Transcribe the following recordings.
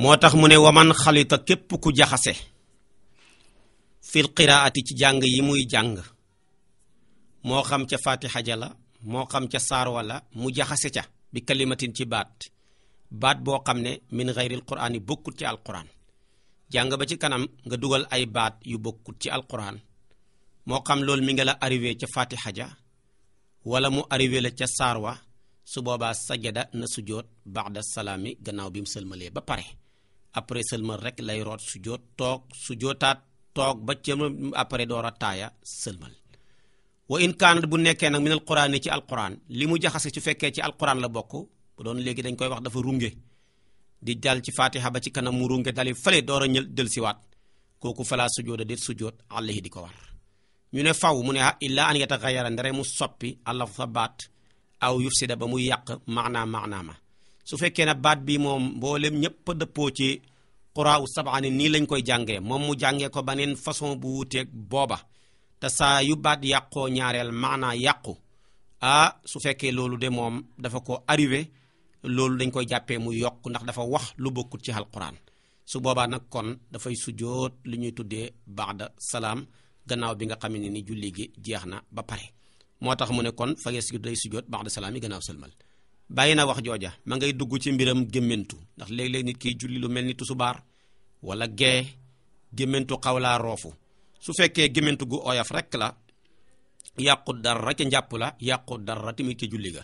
moo tax mu ne waman xalita képp ku jaxase fil qiraati ci jàng yi muy jàng moo xam ca fatiha ja la moo xam ca saar la mu jaxase ca bi kalimatin ci baat baat boo xam ne min xayril quraan bokkut ci alquran jàng ba ci kanam nga dugal ay baat yu bokkut ci alquran moo xam loolu mi ngi la arrivé ca fatiha ja wala mu arrivé la ca saar wa su boobaa sajada na sujoot ba'da salaami gannaaw bi mu sëlmalee ba pare après sëlmal rek lay root su joot toog su jootaat toog ba ca après door a taaya sëlmal wa in kaanat bu nekkee nag minal quraan ni ci alquran li mu jaxase su fekkee ci alquran la bokk bu léegi dañ koy wax dafa runge di dal ci fatiha ba ci kanam mu runge dali fale door a ñël del siwaat kooku falaa sujooda déet sujoot alayhi di ko war ñu ne faw mu ne ah, illa an yataxayara ndere mu soppi allah fa baat aw yufsida ba mu yàq maanaa maanaa ma su fekkee ne baat bi moom mboolem ñëpp a dëppoo ci xuraawu sabaani nii lañ koy jàngee moom mu jàngee ko beneen façon bu wuuteeg booba te saa yu baat yàqoo ñaareel maanaa yàqu ah su fekkee loolu de moom dafa ko arrivé loolu dañ koy jàppee mu yokk ndax dafa wax lu bokkut ci alquran su boobaa nag kon dafay sujjoot lu ñuy tuddee baada salaam gannaaw bi nga xam ne ni julli gi jeex na ba pare moo tax mu ne kon fa ngees gi day sujjoot baada salaam yi gannaaw sëlmal bàyyi na wax jooja ma ngay dugg ci mbiram gémmantu ndax léeg-léeg nit kiy julli lu mel ni tusubaar wala gee gémmantu xaw laa roofu su fekkee gémmantu gu oyof rek la yàqu dara ca njàpp la yàqu dara tamit ki julli ga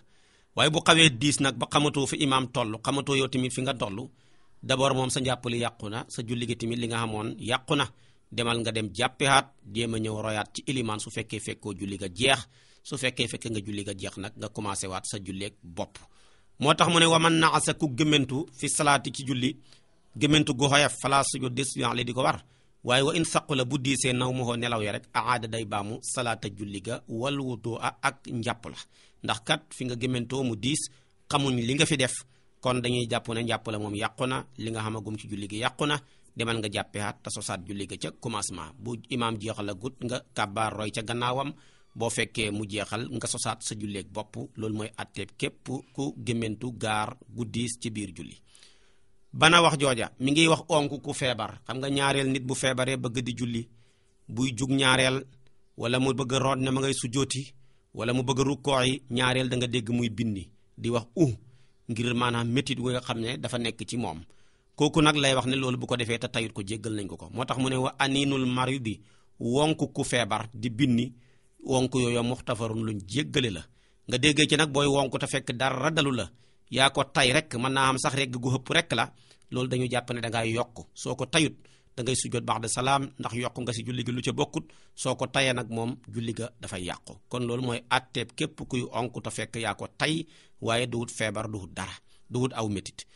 waaye bu xawee diis nag ba xamatoo fi imaam toll xamatoo yow tamit fi nga toll d'abord moom sa njàpp li yàqu na sa julli gi tamit li nga xamoon yàqu na demal nga dem jàppihaat jéem a ñëw royaat ci ilimaan su fekkee fekkoo julli ga jeex su fekkee fekkee nga julli ga jeex nag nga commencé waat sa julleeg bopp moo tax mu ne man na sa ku gëmmentu fi salaati ci julli gëmmentu gu xoyof fala sujo des le di ko war waaye wa in saqu bu diisee naw ma nelaw ya rek aada day baamu salaata julli ga wal wutoo ak njàpp la ndax kat fi nga gëmmentoo mu diis xamuñ li nga fi def kon dañuy jàpp ne njàpp la moom yàqu na li nga xamagum ci julli gi yàqu na demal nga jàppeaat te sosaat julli ga ca commencement bu imaam jeexal la gut nga kàbbaar roy ca gannaawam boo fekkee mu jeexal nga sosaat sa julleeg bopp loolu mooy atteeb képp ku gémmantu gaar guddiis ci biir julli bana wax jooja mi ngi wax onk ku feebar xam nga ñaareel nit bu feebaree bëgg di julli buy jug ñaareel wala mu bëgg root ne ma ngay sujjooti wala mu bëgg rukkoo ñaareel da nga dégg muy bindi di wax u uh, ngir maanaam métit wi nga xam ne dafa nekk ci moom kooku nag lay wax ne loolu bu ko defee te tayut ko jéggal nañ ko ko moo tax mu ne wa aniinul mari bi wonk ku feebar di bindi wonk yooyu tafarum lu ñu jéggale la nga déggee ci nag booy wonk te fekk dara dalu la yaa ko tay rek mën naa am sax rek gu xëpp rek la loolu dañu jàpp ne da yokk soo ko tayut da ngay sujjoot ba'da salaam ndax yokk nga si julli gi lu ci bokkut soo ko tayee nag moom julli ga dafay yàqu kon loolu mooy atteeb képp kuy onk te fekk yaa ko tay waaye duwut feebar duwut dara duwut aw métit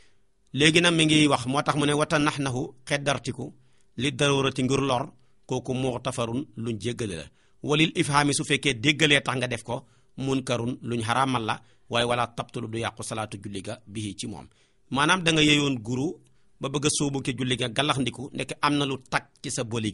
léegi nag mi ngi wax moo tax mu ne wata nax naxu xeddartiku li darurati ngir lor kooku muxtafarun luñ jéggale la walil ifhaami su fekkee déggalee tax nga def ko munkarun luñ xaraamal la waaye wala tabtulu du yàqu salaatu julli ga bii ci moom maanaam da nga yeyoon guru ba bëgg a ke julli ga gàllax am na lu tag ci sa boli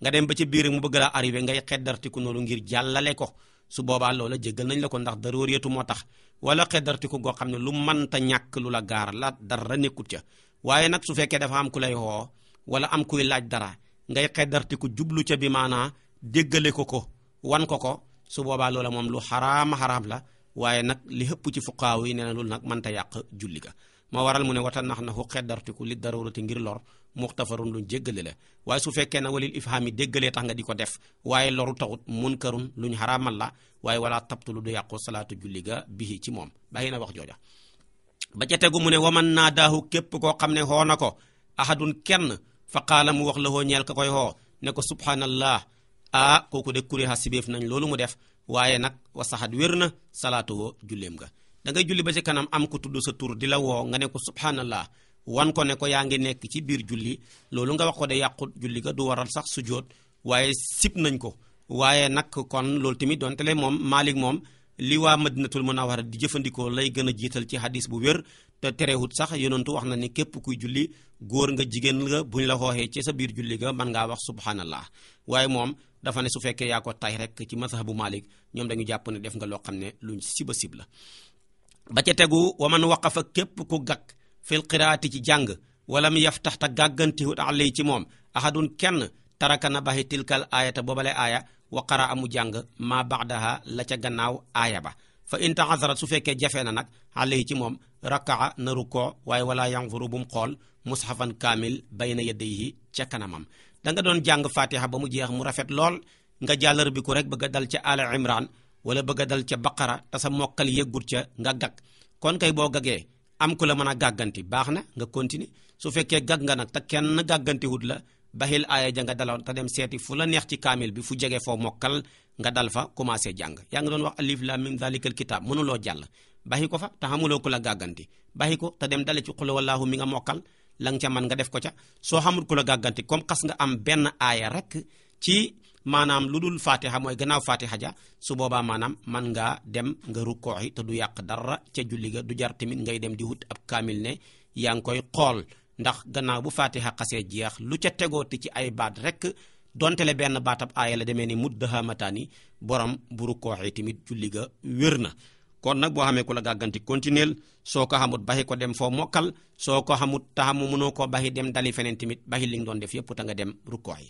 nga dem ba ci biir mu bëgg laa arrivé ngay xeddartiku noonu ngir jàllale ko su boobaa loola jéggal nañ la ko ndax darooriyatu moo tax wala xeddartiku goo xam ne lu mënta ñàkk lu la gaar la dara nekkut ca waaye nag su fekkee dafa am ku lay woo wala am kuy laaj dara ngay xeddartiku jublu ca bi maanaa déggale ko ko wan ko ko su boobaa loola moom lu xaraama xaraam la waaye nag li xëpp ci fuqaaw yi nee na loolu nag mënta yàq julli ga moo waral mu ne wata nax na naxu xeddartiku li darurati ngir lor muxtafarun lu jéggale la waaye su fekkee ne walil ifhaam yi déggalee tax nga di ko def waaye loru taxut munkarun luñ xaraamal la waaye wala tabtulu du yàqu salaatu julli ga bihi ci moom bàyyi na wax jooja ba ca tegu mu ne man naa daahu képp koo xam ne xoo na ko ahadun kenn fa mu wax la hoo ñeel ka koy xoo ne ko aa kooku de kuré hasibeef nañ loolu mu def waaye nag wa saxat wér na salaatu woo julleem nga da ngay julli ba ci kanam am ko tudd sa tur di la woo nga ne ko subhanallah wan ko ne ko yaa ngi nekk ci biir julli loolu nga wax ko de yàqut julli du waral sax sujjóot waaye sib nañ ko waaye nag kon loolu tamit donte le moom Maalik moom li waa madinatul munawwara di jëfandikoo lay gën a jiital ci hadis bu wér te terewut sax yonentu wax na ne képp kuy julli góor nga jigéen nga buñ la xooxee ci sa biir julli ga mën ngaa wax subhanallah waaye moom dafa ne su fekkee yaa ko tay rek ci bu Malik ñoom dañu jàpp ne def nga loo xam ne lu luñ siba sib la ba ca tegu wa man waqafa képp ku gàkk fil qiraati ci jàng wala mu yaf tax te gàggantiwut ci moom ahadun kenn taraka na baxi tilkal ayata boobale aaya wa qara amu jàng ma baxdaha la ca gannaaw aaya ba fa in taxasarat su fekkee jafe na nag alay ci moom rakaa na rukkoo waaye wala yanfuru bu mu xool mushafan kaamil bay bayna yadayhi ca kanamam da nga doon jàng fatiha ba mu jeex mu rafet lool nga jàllar bi ko rek bëgg a dal ca ala imran wala bëgg a dal ca baqara te sa mokkal yeggut ca nga gag kon kay boo gagee am ku la mën a gàgganti baax na nga continuer su fekkee gag nga nag te kenn gàggantiwut la baxil aaya ja nga daloon dem seeti fu la neex ci kaamil bi fu jege foo mokkal nga dal fa commencé jàng yaa ngi doon wax alif lam mim zalikal kitaab mënuloo jàll baxi ko fa te xamuloo ku la gàgganti baxi ko te dem dale ci xul wallahu mi nga mokkal la nga ca man nga def ko ca soo xamul ku la gàgganti comme xas nga am benn aaya rek ci maanaam lu dul fatiha mooy gannaaw fatiha ja su boobaa maanaam man ngaa dem nga rukkoo yi te du yàq dara ca julli ga du jar tamit ngay dem di wut ab kaamil ne yaa ngi koy xool ndax gannaaw bu fatiha xasee jeex lu ca tegoo ti ci ay baat rek donte le benn baatab aaya la demee ni muddahamataani borom bu rukkoo yi tamit julli ga wér na kon nag boo xamee ku la gàgganti continuel soo ko xamut baxi ko dem foo mokkal soo ko xamut taxamu mënoo koo baxi dem dali feneen tamit baxi li nga doon def yëpp tanga dem rukkoo yi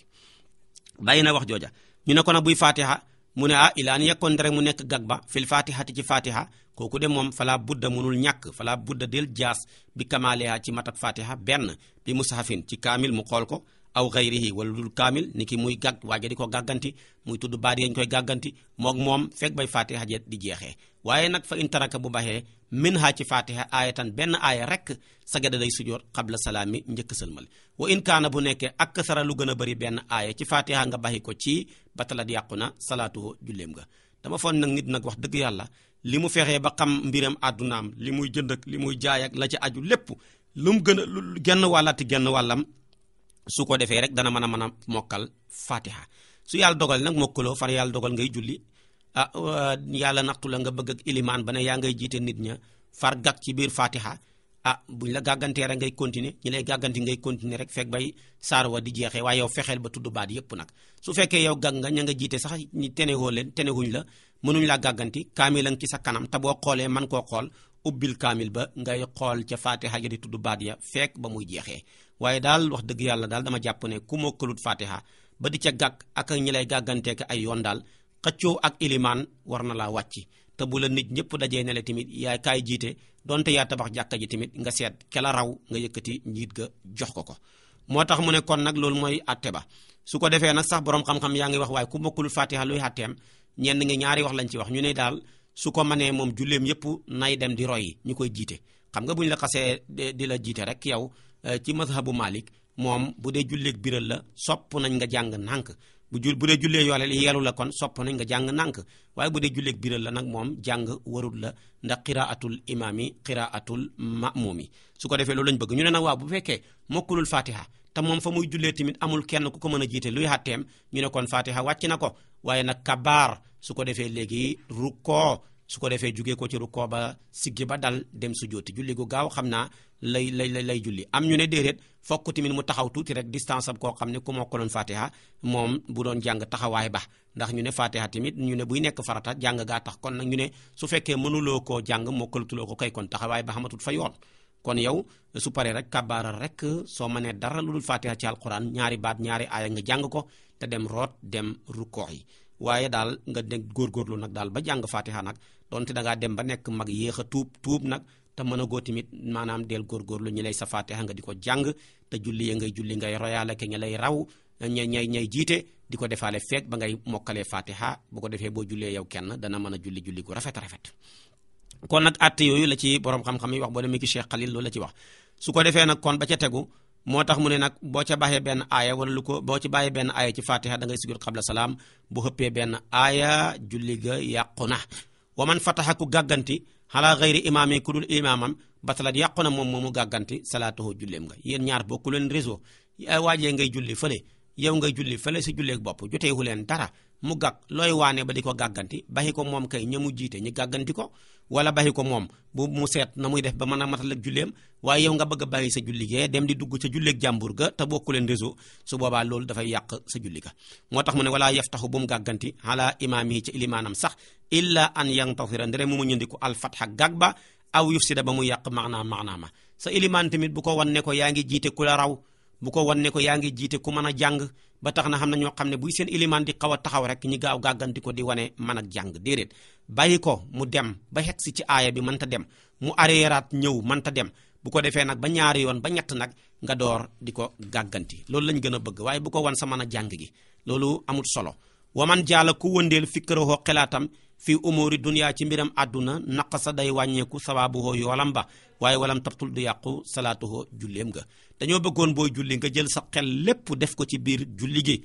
bàyyi na wax jooja ñu ne ko nag buy fatiha mu ne ah ilaan yekkoon rek mu nekk gag ba fil fatihati ci fatiha kooku de moom falaa budda mënul ñàkk fala budda del jaas bi kamaaleha ci matak fatiha benn bi mushafin ci kaamil mu xool ko aw xayrihi wala lul kaamil ni ki muy gàgg waaje di ko gàgganti muy tudd baat yañ koy gàgganti moog moom fekk bay fatiha jeet di jeexee waaye nag fa intaraka bu baxee min ha ci fatiha aayatan benn aaya rek sagada day sujoor xabla salaami njëkk sëlmal wa in kaana bu nekkee ak sara lu gën a bëri benn aaya ci fatiha nga baxi ko ci batalat yàqu na salaatuhu julleem nga dama foon nag nit nag wax dëgg yàlla li mu fexee ba xam mbiram àddunaam li muy jënd li muy jaay la ci aju lépp lu mu gën a genn wàllati genn wàllam su ko defee rek dana mën a mën a mokkal fatiha su yàlla dogal nag mokkaloo far yàlla dogal ngay julli ah euh, yàlla naxtu la nga bëgg ak ilimaan ba ne yaa ngay jiite nit ña far gàkk ci biir fatiha ah ñu la gàggantee rek ngay continuer ñi lay gàgganti ngay continuer rek fekk bay saar wa di jeexee waaye yow fexeel ba tudd baat yépp nag su fekkee yow gàgg nga ña nga jiite sax ñi tenewoo leen tenewuñ la mënuñ laa gàgganti kaamilan ci sa kanam te boo xoolee man koo xool ubbil kaamil ba ngay xool ca fatiha ja di tudd baat ya fekk ba muy jeexee waaye daal wax dëgg yàlla daal dama jàpp ne ku mokkalut fatiha ba di ca gàkk ak ñi lay gàgganteek ay yoon daal xëccoo ak ilimaan war na laa wàcc te bu la nit ñëpp dajee ne la tamit yaay kaay jiite donte yaa tabax jàkka ji tamit nga seet ke la raw nga yëkkati njiit ga jox ko ko moo tax mu ne kon nag loolu mooy atte ba su ko defee nag sax boroom xam-xam yaa ngi wax waaye ku mokkul fatiha luy atteem ñaari wax lañ ci wax ñu ne daal su ko mënee moom julleem yëpp nay dem di roy ñu koy jiite xam nga bu la xasee di la jiite rek yow eh, ci mazhabu Malik moom bu dee julleeg biral la sopp nañ nga jàng nànk bu jul bu dee jullee yoole li yeelu la kon sopp nañ nga jàng nànk waaye bu dee julleeg biral la nag moom jàng warul la ndax qiraatul imaami qiraatul ma'muumi su ko defee loolu lañ bëgg ñu ne nag waaw bu fekkee mokkulul fatiha te moom fa muy jullee tamit amul kenn ku ko mën a jiite luy xàtteem ñu ne kon fatiha wàcc na ko waaye nag kabaar su ko defee léegi rukkoo su ko defee jugee ko ci rukkoo ba siggi ba dal dem su jooti julli gu gaaw xam naa lay lay lay julli am ñu ne déedéet fokk tamit mu taxaw tuuti rek distance am koo xam ne ku mokkaloon fatiha moom bu doon jàng taxawaay ba ndax ñu ne fatiha tamit ñu ne buy nekk farata jàng gaa kon nag ñu su fekkee mënuloo koo jàng mokkalutuloo ko kay kon taxawaay ba xamatul fa yoon kon yow su paree rek kabaaral rek soo mënee dara lu dul fatiha ci alquran ñaari baat ñaari aaya nga jàng ko te dem root dem rukkoo yi waaye daal nga nekk góorgóorlu nag daal ba jàng fatiha nag donte da ngaa dem ba nekk mag yéex a tuub tuub nag te mën a goo tamit maanaam del góorgóorlu ñi lay sa fatiha nga di ko jàng te julli ya ngay julli ngay royaale ke ña lay raw ñay ñay ñay jiite di ko defaale feeg ba ngay mokkalee fatiha bu ko defee boo jullee yow kenn dana mën a julli julli gu rafet rafet. kon nag àtte yooyu la ci borom xam-xam yi wax boo demee ki Cheikh Khalil loolu la ci wax su ko defee nag kon ba ca tegu. moo tax mu ne nag boo ca baaxee benn aaya wala lu ko boo ci bàyyee benn aaya ci fatiha da ngay sujud xabla salaam bu xëppee benn aaya julli ga yàqu na wa man fataha ku gàgganti xalaa xayri imaami ku dul imaamam batalat yàqu na moom moomu gàgganti salaatuhu julleem nga yéen ñaar bokku leen réseau waajee ngay julli fële yow ngay julli fële si julleek bopp joteewu leen dara mu gàgg looy waane ba di ko gàgganti baxi ko moom kay mu jiite ñu gàgganti ko wala baxi ko moom bu mu seet na muy def ba mën a matal ak julleem waaye yow nga bëgg a bàyyi sa julli gee dem di dugg sa julleeg jàmbur ga te bokku leen réseau su boobaa loolu dafay yàq sa julli ga moo tax mu ne walaa yaftaxu bu mu gàgganti ala imaam yi ca ilimaanam sax illa an yantafira ndere mu mu ñëndiku alfatxa gàgg ba aw yufsida ba mu yàq maanaam maanaama sa ilimaan tamit bu ko wan ne ko yaa ngi jiite ku la raw bu ko wan ne ko yaa ngi jiite ku mën a jàng ba tax na xam na ñoo xam ne buy seen ilimaan di xaw a taxaw rek ñi gaaw gàgganti ko di wane mën ak jàng déedéet bàyyi ko mu dem ba xeg si ci aaya bi man ta dem mu areeraat ñëw man ta dem bu ko defee nag ba ñaari yoon ba ñett nag nga door di ko gàgganti loolu lañ gën a bëgg waaye bu ko wan sa mën a jàng gi loolu amul solo waman jaala ku wëndeel fikkaroo xelaatam fii umóori duniyaa ci mbiram àdduna naqasa day wàññeeku sawaabuhoo yoolam ba waaye walam tabtul du yàqu salaatuhoo julleem nga dañoo bëggoon booy julli nga jël sa xel lépp def ko ci biir julli gi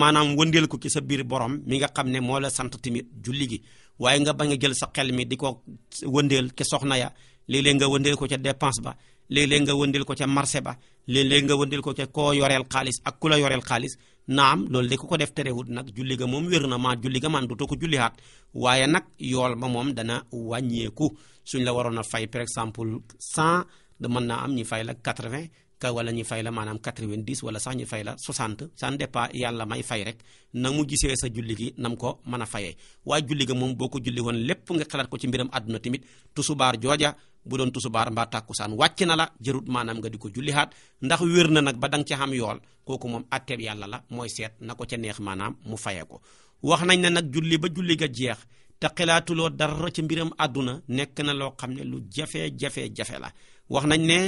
maanaam wëndeel ko ci sa biir borom mi nga xam ne moo la sant tamit julli gi waaye nga bañ a jël sa xel mi di ko wëndeel ke soxna ya léeg nga wëndeel ko ca depanse ba léeg nga wëndeel ko ca marché ba léeg nga wëndeel ko ca koo yoreel xaalis ak ku la yoreel xaalis naam loolu de ku ko def tere terewut nag juli ga moom wér na maa julli ga man dootoo ko jullihaat waaye nag yool ma moom dana wàññeeku suñ la waroon a fay par exemple 100 da mën naa am ñi fay la 80 ka wala ñu fay la maanaam 90 wala sax ñu fay la 60 ça dépend yàlla may fay rek na mu gisee sa julli gi nam ko mën a fayee waa julli ga moom boo ko julli woon lépp nga xalaat ko ci mbiram àdduna tamit tusubaar jooja bu doon tusubaar mbaa tàkkusaan wàcc na la jërut maanaam nga di ko jullihaat ndax wér na nag ba danga ci xam yool kooku moom atteeb yàlla la mooy seet na ko ca neex maanaam mu fayee ko wax nañ ne nag julli ba julli ga jeex te xalaatuloo dara ci mbiram àdduna nekk na loo xam ne lu jafe-jafe-jafe la wax nañ ne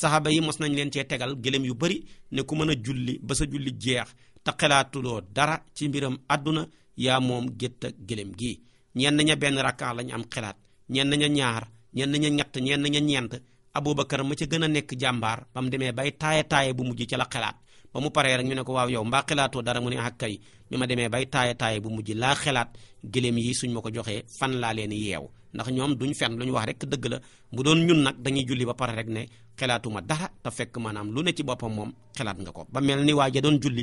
saxaaba yi mos nañ leen cee tegal gëléem yu bari ne ku mën a julli ba sa julli jeex te xelaatuloo dara ci mbiram àdduna yaa moom gétt ak gëléem gi ñenn ña benn rakka lañ am xelaat ñenn ña ñaar ñenn ña ñett ñenn ña ñeent Abubakar ma ca gën a nekk jàmbaar ba mu demee bay taaye taaye bu mujj ca la xelaat ba mu paree rek ñu ne ko waaw yow mbaa xelaatoo dara mu ne ak ah, kay bi ma demee bay taaye taaye bu mujj laa xelaat gëléem yi suñ ma ko joxee fan laa leen yeew ndax ñoom duñ fenn lu ñu wax rek dëgg la bu doon ñun nag dañuy julli ba pare rek ne xelaatuma dara te fekk maanaam lu ne ci boppam moom xelaat nga ko ba mel ni waaja doon julli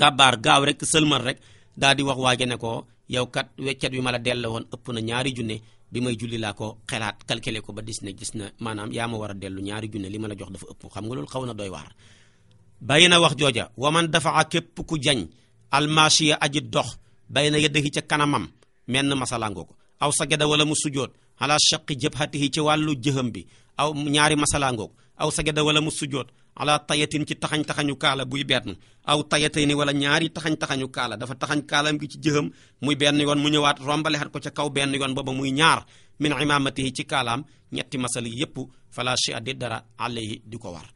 kabaar gaaw rek sëlmal rek daal di wax waaja ne ko yow kat weccet wi ma la delloo woon ëpp na ñaari junne bi may julli laa ko xelaat calculé ko ba dis ne gis na maanaam yaa ma war a dellu ñaari junne li ma la jox dafa ëpp xam nga loolu xaw na doy waar bàyyi na wax jooja waman dafa képp ku jañ almasiya aji dox bàyyi na yëddahi ca kanamam menn masalaangoo ko aw sajada wala mu sujjoot ala shaqi jabhatihi ci wàllu jëham bi aw ñaari masalaangoog aw sajada wala mu sujjoot ala tayatin ci taxañ-taxañu kaala buy benn aw tayatayni wala ñaari taxañ-taxañu kaala dafa taxañ kaalam gi ci jëham muy benn yoon mu ñëwaat rombalexat ko ca kaw benn yoon booba muy ñaar min imamatihi ci kaalaam ñetti masal yi yépp fala chi addi dara alayhi di ko war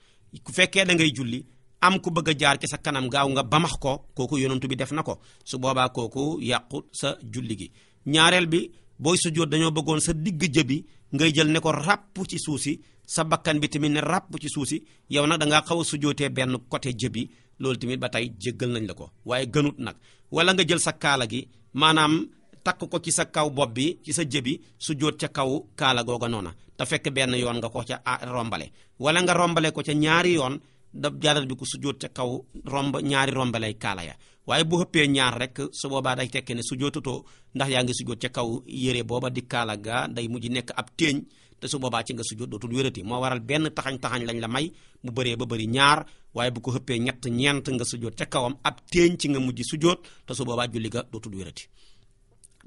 ku fekkee da ngay julli am ku bëgg a jaar ci sa kanam gaaw nga bamax ko kooku yonentu bi def na ko su boobaa kooku yàqu sa julli gi ñaareel bi booy sujjóot dañoo bëggoon sa digg jëbi ngay jël ne ko ràpp ci suuf si sa bakkan bi tamit ne ràpp ci suuf si yow nag da ngaa xaw a sujjóotee benn côté jëbbi loolu tamit ba tey jéggal nañ la ko waaye gënut nag wala nga jël sa kaala gi maanaam takk ko ci sa kaw bopp bi ci sa jëbi sujjóot ca kaw kaala googa noona te fekk benn yoon nga ko ca ah, rombale wala nga rombale ko ca ñaari yoon da jaaral bi ko sujjóot ca kaw romb ñaari rombalay kaala ya waaye bu xëppee ñaar rek su boobaa day tekkee ne su jootutoo ndax yaa ngi sujjoot ca kaw yére booba di kaala ga day mujj nekk ab téeñ te su boobaa ci nga sujjoot dootul wérati moo waral benn taxañ taxañ la may bu bëree ba bëri ñaar waaye bu ko xëppee ñett ñeent nga sujjoot ca kawam ab téeñ ci nga mujj sujjoot te su boobaa julli ga dootul wérati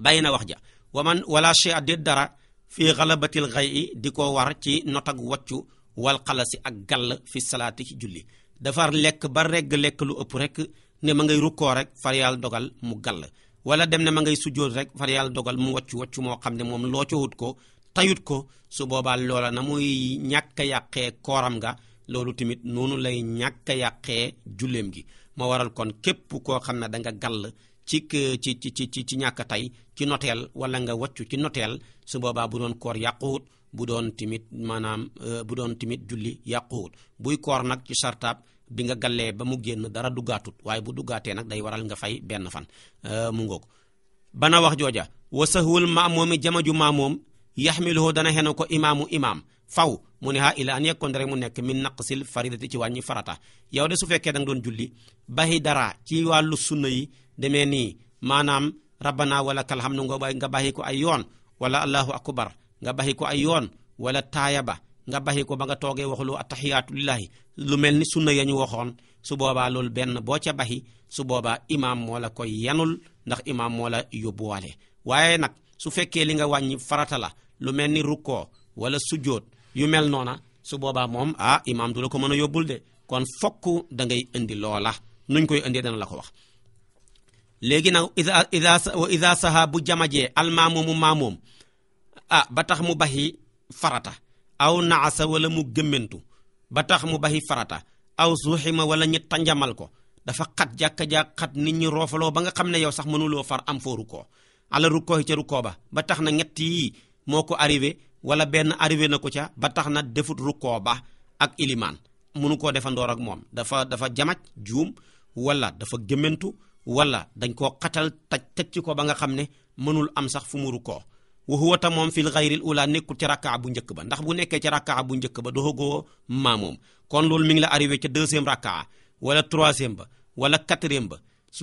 bàyyi na wax ja wa waman wala shay'a déet dara fii xalabatil xay di ko war ci not ak waccu wal xalasi ak gàll fi salaati ci julli dafar lekk ba regg lekk lu ëpp rek ne ma ngay rukkoo rek far dogal mu gàll wala dem ne ma ngay sujjóot rek far dogal mu waccu waccu moo xam ne moom loo cowut ko tayut ko su boobaa loola na muy ñàkk yàqee kooram nga loolu tamit noonu lay ñàkk a yàqee julleem gi moo waral kon képp koo xam ne da nga gàll ci ci ci ci ci ñàkk tey ci noteel wala nga waccu ci noteel su boobaa bu doon koor yàquwut bu doon tamit maanaam euh, bu doon tamit julli yàquwut buy koor nag ci sartaab bi nga gallee ba mu génn dara duggaatut waaye bu duggaatee nag day waral nga fay benn fan euh, mu ngoog bana wax jooja wa sahwul maamomi jamaju maamoom yaxmiluhu dana xeno ko imaamu imaam faw mu ne ha ila an yekkoon rek mu nekk min naqsil faridati ci wàññi farata yow de su fekkee da doon julli baxi dara ci wàllu sunna yi demee ni maanaam rabbana wala kalhamdu nga baxi ko ay yoon wala allahu akbar nga baxi ko ay yoon wala taayaba nga baxi ko ba nga toogee waxuloo attaxiyaatu lillahi lu mel ni sunna ya ñu waxoon su boobaa loolu benn boo ca baxi su boobaa imaam moo la koy yanul ndax imaam moo la yóbbuwaale waaye nag su fekkee li nga wàññi farata la lu mel ni rukkoo wala sujjóot yu mel noona su boobaa moom ah imaam du la ko mën a yóbbul de kon fokk da ngay indi loola nuñ koy indee dana la ko wax léegi nag ida ida wa ida saha bu jamajee almaamumu maamoom ah ba tax mu baxi farata aw naasa wala mu gëmmentu ba tax mu baxi farata aw suuxima wala ñi tanjamal ko dafa xat jàkka jàkk xat nit ñi roofaloo ba nga xam ne yow sax mënuloo far am foo rukkoo ala rukkoo ca rukkoo ba ba tax na ñett yii moo ko arrivé wala benn arriver na ko ca ba tax na defut rukkoo ba ak ilimaan mënu koo defandoor ak moom dafa dafa jamaj juum wala dafa gëmmentu walla dañ koo xatal taj tëj ci ko ba nga xam ne mënul am sax fu mu rukkoo wa huwa ta moom fil xayril ula nekkul ci rakkaa bu njëkk ba ndax bu nekkee ci rakkaa bu njëkk ba doxagoo maa moom kon loolu mi ngi la arrivé ca deuxième rakkaa wala troisième ba wala quatrième ba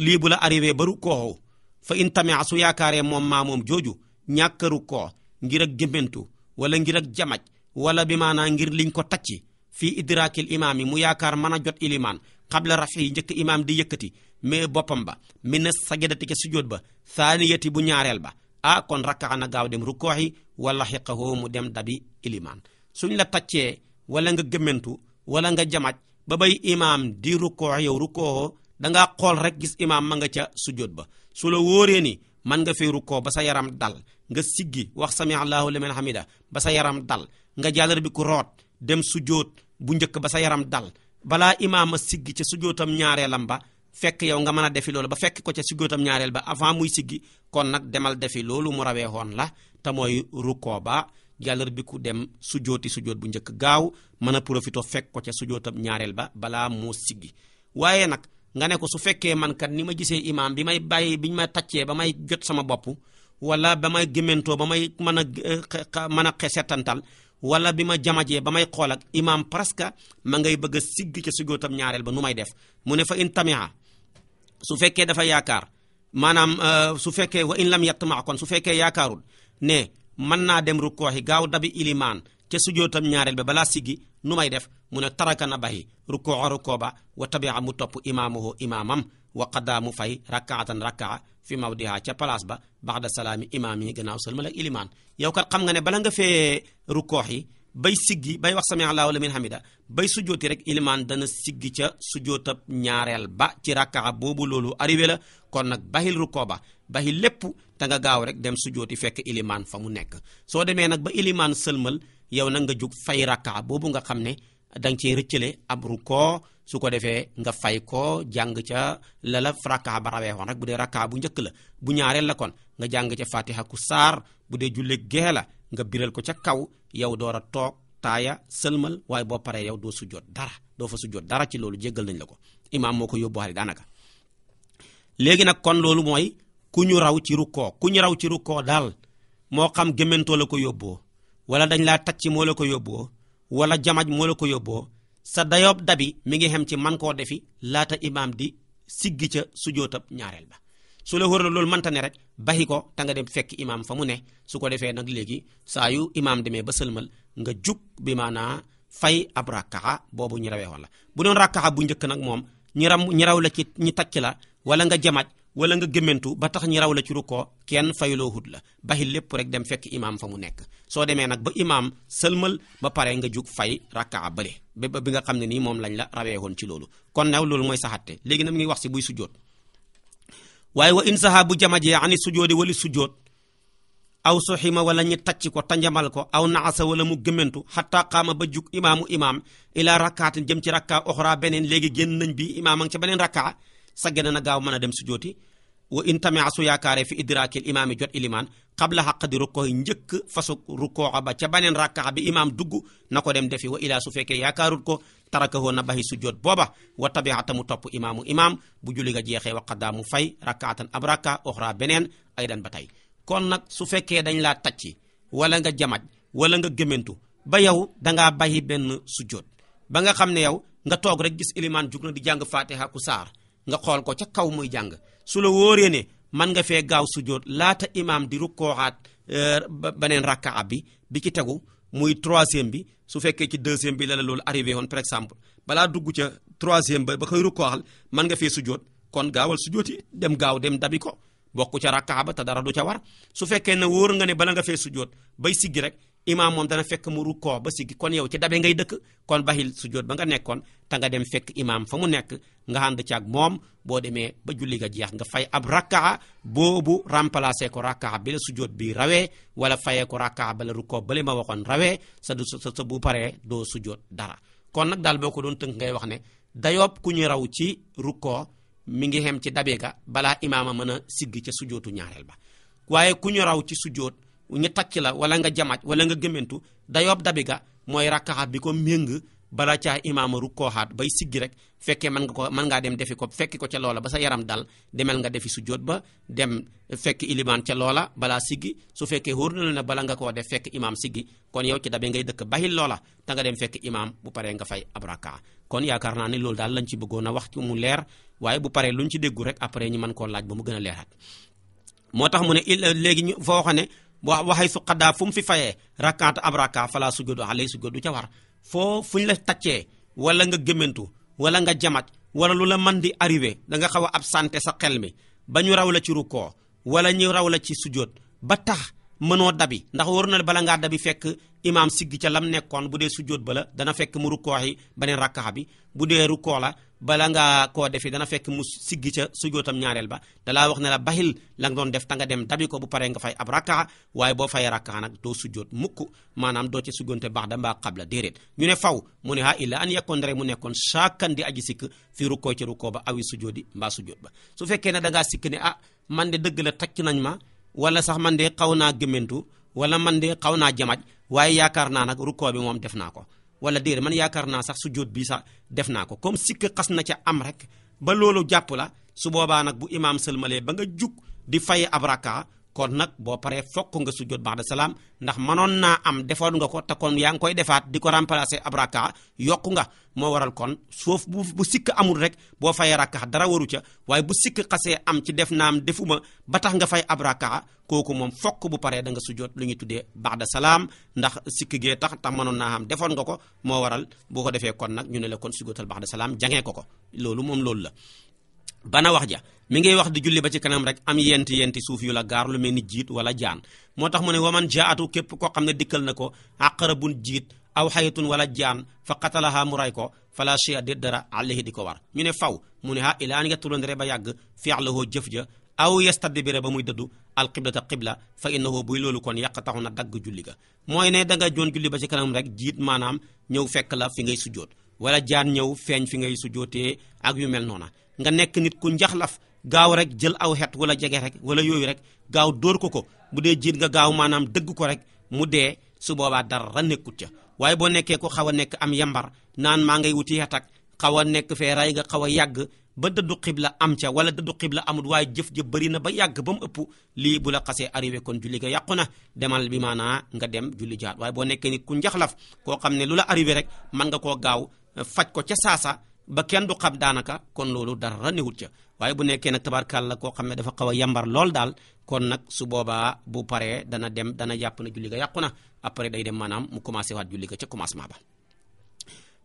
lii bu la arrivé ba rukkoo fa in tamea su yaakaaree moom maa jooju ñàkk a rukkoo ngir ak gémmantu wala ngir ak jamaj wala bi maanaa ngir liñ ko tacci fii idrakil imaam yi mu yaakaar mën a jot ilimaan xabla rafi njëkk imaam di yëkkati mais boppam ba mi na sajadati ca sujjóot ba saaniyati bu ñaareel ba ah kon rakkaa na gaaw dem rukkooxi wala xiqahoo mu dem dabi ilimaan suñ la taccee wala nga gëmmantu wala nga jamaj ba bay imaam di rukkoox yow rukkooxoo dangaa xool rek gis imaam ma nga ca sujjóot ba su la wóoree ni man nga fay rukkoo ba sa yaram dal nga siggi wax sami allahu liman hamida ba sa yaram dal nga jàllar bi ku root dem sujjóot bu njëkk ba sa yaram dal balaa imaam a siggi ca sujjóotam ñaareelam ba fekk yow nga mën a defi loolu ba fekk ko ca si góotam ñaareel ba avant muy siggi kon nag demal defi loolu mu rawee xoon la te mooy rukkoo ba jàllarbi ku dem sujooti sujoot bu njëkk gaaw mën a profité fekk ko ca sujootam ñaareel ba balaa moo siggi waaye nag nga ne ko su fekkee man ni ma gisee imaam bi may bàyyi bi ñu ma taccee ba may jot sama bopp wala ba may gémmantoo ba may mën a eh, mën a setantal wala bi ma jamajee ba may xool ak imaam presque ma ngay bëgg a sigg ca sujootam ñaareel ba nu may def mu ne fa in tamia su fekkee dafa yaakaar maanaam euh, su fekkee wa in lam yattama kon su fekkee yaakaaru ne mën naa dem rukkooxi gaaw dabi ilimaan ca sujootam ñaareel ba balaa siggi nu may def mu ne taraka na bayi rukkooxa rukkoo ba wa tabia mu topp imaamuhu imaamam wa daa mu fay rakkaatan rakkaa fi mawdiha ca place ba baax baxda salaami imaam yi gannaaw sëlmal ak ilimaan yow ka xam nga ne bala nga fee rukkoox yi bay siggi bay wax sami Allahu liman hamida bay sujjooti rek ilimaan dana siggi ca sujjootab ñaareel ba ci rakkaa boobu loolu arrivé la kon nag bahil rukkoo ba bahil lépp te nga gaaw rek dem sujjooti fekk ilimaan fa mu nekk soo demee nag ba ilimaan sëlmal yow nag nga jug fay rakkaa boobu nga xam ne da cee rëccale ab rukkoo su ko defee nga fay ko jàng ca lala la rakkaa ba rawee woon rek bu dee rakkaa bu njëkk la bu ñaareel la kon nga jàng ca fatiha ku saar bu dee julleg gee la nga biral ko ca kaw yow door a toog taaya sëlmal waaye boo paree yow doo sujjoot dara doo fa sujjoot dara ci loolu jéggal nañ la ko imaam moo ko yóbbu xale daanaka léegi nag kon loolu mooy ku ñu raw ci rukkoo ku ñu raw ci rukkoo daal moo xam gémmantoo la ko yóbboo wala dañ laa tacc moo la ko yóbboo wala jamaj moo la ko yóbboo sa dayoob dabi mi ngi xem ci man koo defi laata imaam di siggi ca sujootab ñaareel ba su la wër na loolu mënta ne rek baxi ko tanga dem fekk imaam fa mu ne su ko defee nag léegi saa yu imaam demee ba sëlmal nga jug bi maanaa fay ab rakkaa boobu ñu rawee wala bu doon rakkaa bu njëkk nag moom ñi ram ñi raw la ci ñi tacc la wala nga jamaj wala nga gémmantu ba tax ñi raw la ci rukkoo kenn fayloo hut la baxi lépp rek dem fekk imaam fa mu nekk soo demee nag ba imaam sëlmal ba pare nga jug fay rakkaa bële ba bi nga xam ne nii moom lañ la rawee woon ci loolu kon naw loolu mooy saxatte léegi nag mu ngi wax si buy sujjoot waaye wa in saha bu jamajee ani sujoode wali sujood aw soxima wala ñi tacc ko tanjamal ko aw naasa wala mu gëmmentu xataa xaama ba jug imaamu imaam ilaa rakkaatin jëm ci rakkaa oxra beneen léegi génn nañ bi imaam a ngi ca beneen rakkaa saggee na gaaw mën a dem sujooti wa in tamia su yaakaaree fi idraakil imaami jot ilimaan xabla xaq di rukkoo njëkk fa fasu rukkooxa ba ca baneen rakka bi imaam dugg na ko dem defi wa ilaa su fekkee yaakaarut ko tarakahu na baxi sujjoot booba wa tabiata mu topp imaamu imaam bu julli nga jeexee wa qaddaa mu fay rakkaatan ab rakka oxra beneen ay dan ba tey kon nag su fekkee dañ laa tacci wala nga jamaj wala nga gémantu ba yow dangaa baxi benn sujjoot ba nga xam ne yow nga toog rek gis ilimaan jug di jàng fatiha ku saar nga xool ko ca kaw muy jàng su la wóoree ne man nga fee gaaw sujjóot laata imaam di rukkooxaat euh, beneen rakkaa bi bi ci tegu muy troisième bi su fekkee ci deuxième bi la la loolu arrivé woon par exemple balaa dugg ca troisième ba ba koy rukkooxal mën nga fee sujjóot kon gaawal sujjóoti dem gaaw dem dabi ko bokk ca rakkaa ba te dara du ca war su fekkee ne wóor nga ne bala nga fee sujjóot bay siggi rek imaam moom dana fekk mu rukkoo ba siggi kon yow ci dabe ngay dëkk kon baxil sujjóot ba nga nekkoon te nga dem fekk imaam fa mu nekk nga ànd ci ak moom boo demee ba julli ga jeex nga fay ab rakkaa boobu remplacer ko rakkaa bi la sujjóot bii rawee wala fayee ko rakkaa ba la rukkoo bale ma waxoon rawee sa du sa sa bu paree doo sujjóot dara kon nag daal boo ko doon tënk ngay wax ne dayoob ku ñu raw ci rukkoo mu ngi xem ci dabe ga balaa imaama mën a sigg ca sujootu ñaareel ba waaye ku ñu raw ci sujoot ñu takk la wala nga jamaaj wala nga gëmmentu dayoob dabiga mooy rakkaxa bi ko méng bala caa imaama rukkooxaat rek fekkee mën nga ko mën ngaa dem defi ko fekki ko ca loola ba sa yaram dal demel nga defi su jóot ba dem fekk ilimaan ca loola balaa siggi su fekkee wóor na ne bala nga koo def fekk imaam siggi kon yow ci dabe ngay dëkk bahil loola ta nga dem fekk imaam bu paree nga fay ab rakka kon yaakaar naa ne loolu daal lañ ci bëggoon a wax ci mu leer waaye bu paree ñu ci déggu rek après ñu mën koo laaj ba mu gën a leeraat wax waxay su xaddaa fu mu fi fayee rakkaata ab rakka falaa sujjóotu alay du ca war foo fu ñu la taccee wala nga gémmantu wala nga jamaj wala lu la mën di arrivé da nga xaw a absenté sa xel mi ba ñu raw la ci rukkoo wala ñu raw la ci sujjóot ba tax mënoo dabi ndax waru na bala ngaa dabi fekk imaam sigg ca lam nekkoon bu dee sujjóot ba la dana fekk mu rukkooxi beneen rakkaxa bi bu dee rukkoo la bala ngaa koo defi dana fekk mu sigg ca sujjóotam ñaareel ba dalaa wax ne la baxil la nga def ta nga dem dabi ko bu paree nga fay ab rakkaxa waaye boo fayee rakkaxa nag doo sujjóot mukk maanaam doo ca sujjóote baax da mbaa xabla déedéet ñu ne faw mu ne ha illa an yekkoon rek mu nekkoon saakan di aji sikk fi rukkoo ci rukkoo ba awi sujjóot di mbaa sujjóot ba su fekkee ne dangaa sikk ne a ah, man de dëgg la tacc nañ ma wala sax man de xaw naa gëmmentu wala man de xaw naa jamaj waaye yaakaar naa nag rukkoo bi moom def naa ko wala déedéet man yaakaar naa sax sujjóot bii sax def naa ko comme sikk xas na ca am rek ba loolu jàpp la su boobaa nag bu imaam sëlmalee ba nga jug di fay ab kon nag boo paree fokk nga sujjóot ba'da salaam ndax manoon naa am defoon nga ko te kon yaa ngi koy defaat di ko remplacer ab rakka yokku nga moo waral kon suuf bu bu sikk amul rek boo fayee rakka dara waru ca waaye bu sikk xasee am ci def naam defuma ba tax nga fay ab rakka kooku moom fokk bu paree da nga sujjóot lu ñuy tuddee ba'da salaam ndax sikk gee tax te mënoon naa am defoon nga ko moo waral boo ko defee kon nag ñu ne la kon sujjóotal ba'da salaam jangee ko ko loolu moom loolu la bana wax ja mi ngay wax di julli ba ci kanam rek am yent yenti suuf yu la gaar lu mel ni jiit wala jaan moo tax mu ne waman jaatu képp koo xam ne dikkal na ko bu jiit aw xayatun wala jaan fa qatalaha mu ray ko fala shay'a de dara alayhi di ko war ñu ne faw mu ne ha ilaa an yatulondre ba yàgg la fi'luhu jëf ja aw yastadbira ba muy dëddu alqiblata qibla fa innahu buy loolu kon yàq taxu na dagg julli ga mooy ne da nga joon julli ba ci kanam rek jiit maanaam ñëw fekk la fi ngay sujjoot wala jaan ñëw feeñ fi ngay sujootee ak yu mel noona nga nekk nit ku njaxlaf gaaw rek jël aw xet wala jege rek wala yooyu rek gaaw dóor ko ko bu dee jiit nga gaaw maanaam dëgg ko rek mu dee su boobaa dara nekkut ca waaye boo nekkee ko xaw a nekk am yambar naan maa ngay wuti xet ak xaw a nekk fee ray nga xaw a yàgg ba dëddu xibla am ca wala dëddu xibla amut waaye jëf ja bëri na ba yàgg ba mu ëpp lii bu la xasee arrivé kon julli ga yàqu na demal bi maanaa nga dem julli jaat boo nekkee nit ku njaxlaf koo xam ne lu la arrivé rek mën nga koo gaaw faj ko ca saasa ba kenn du xam daanaka kon loolu dara newut ca waaye bu nekkee nag tabarkàlla koo xam ne dafa xaw a yambar lool daal kon nag su boobaa bu paree dana dem dana yàpp na julli ga yàqu na après day dem maanaam mu commencé waat julli ga ca commencement ba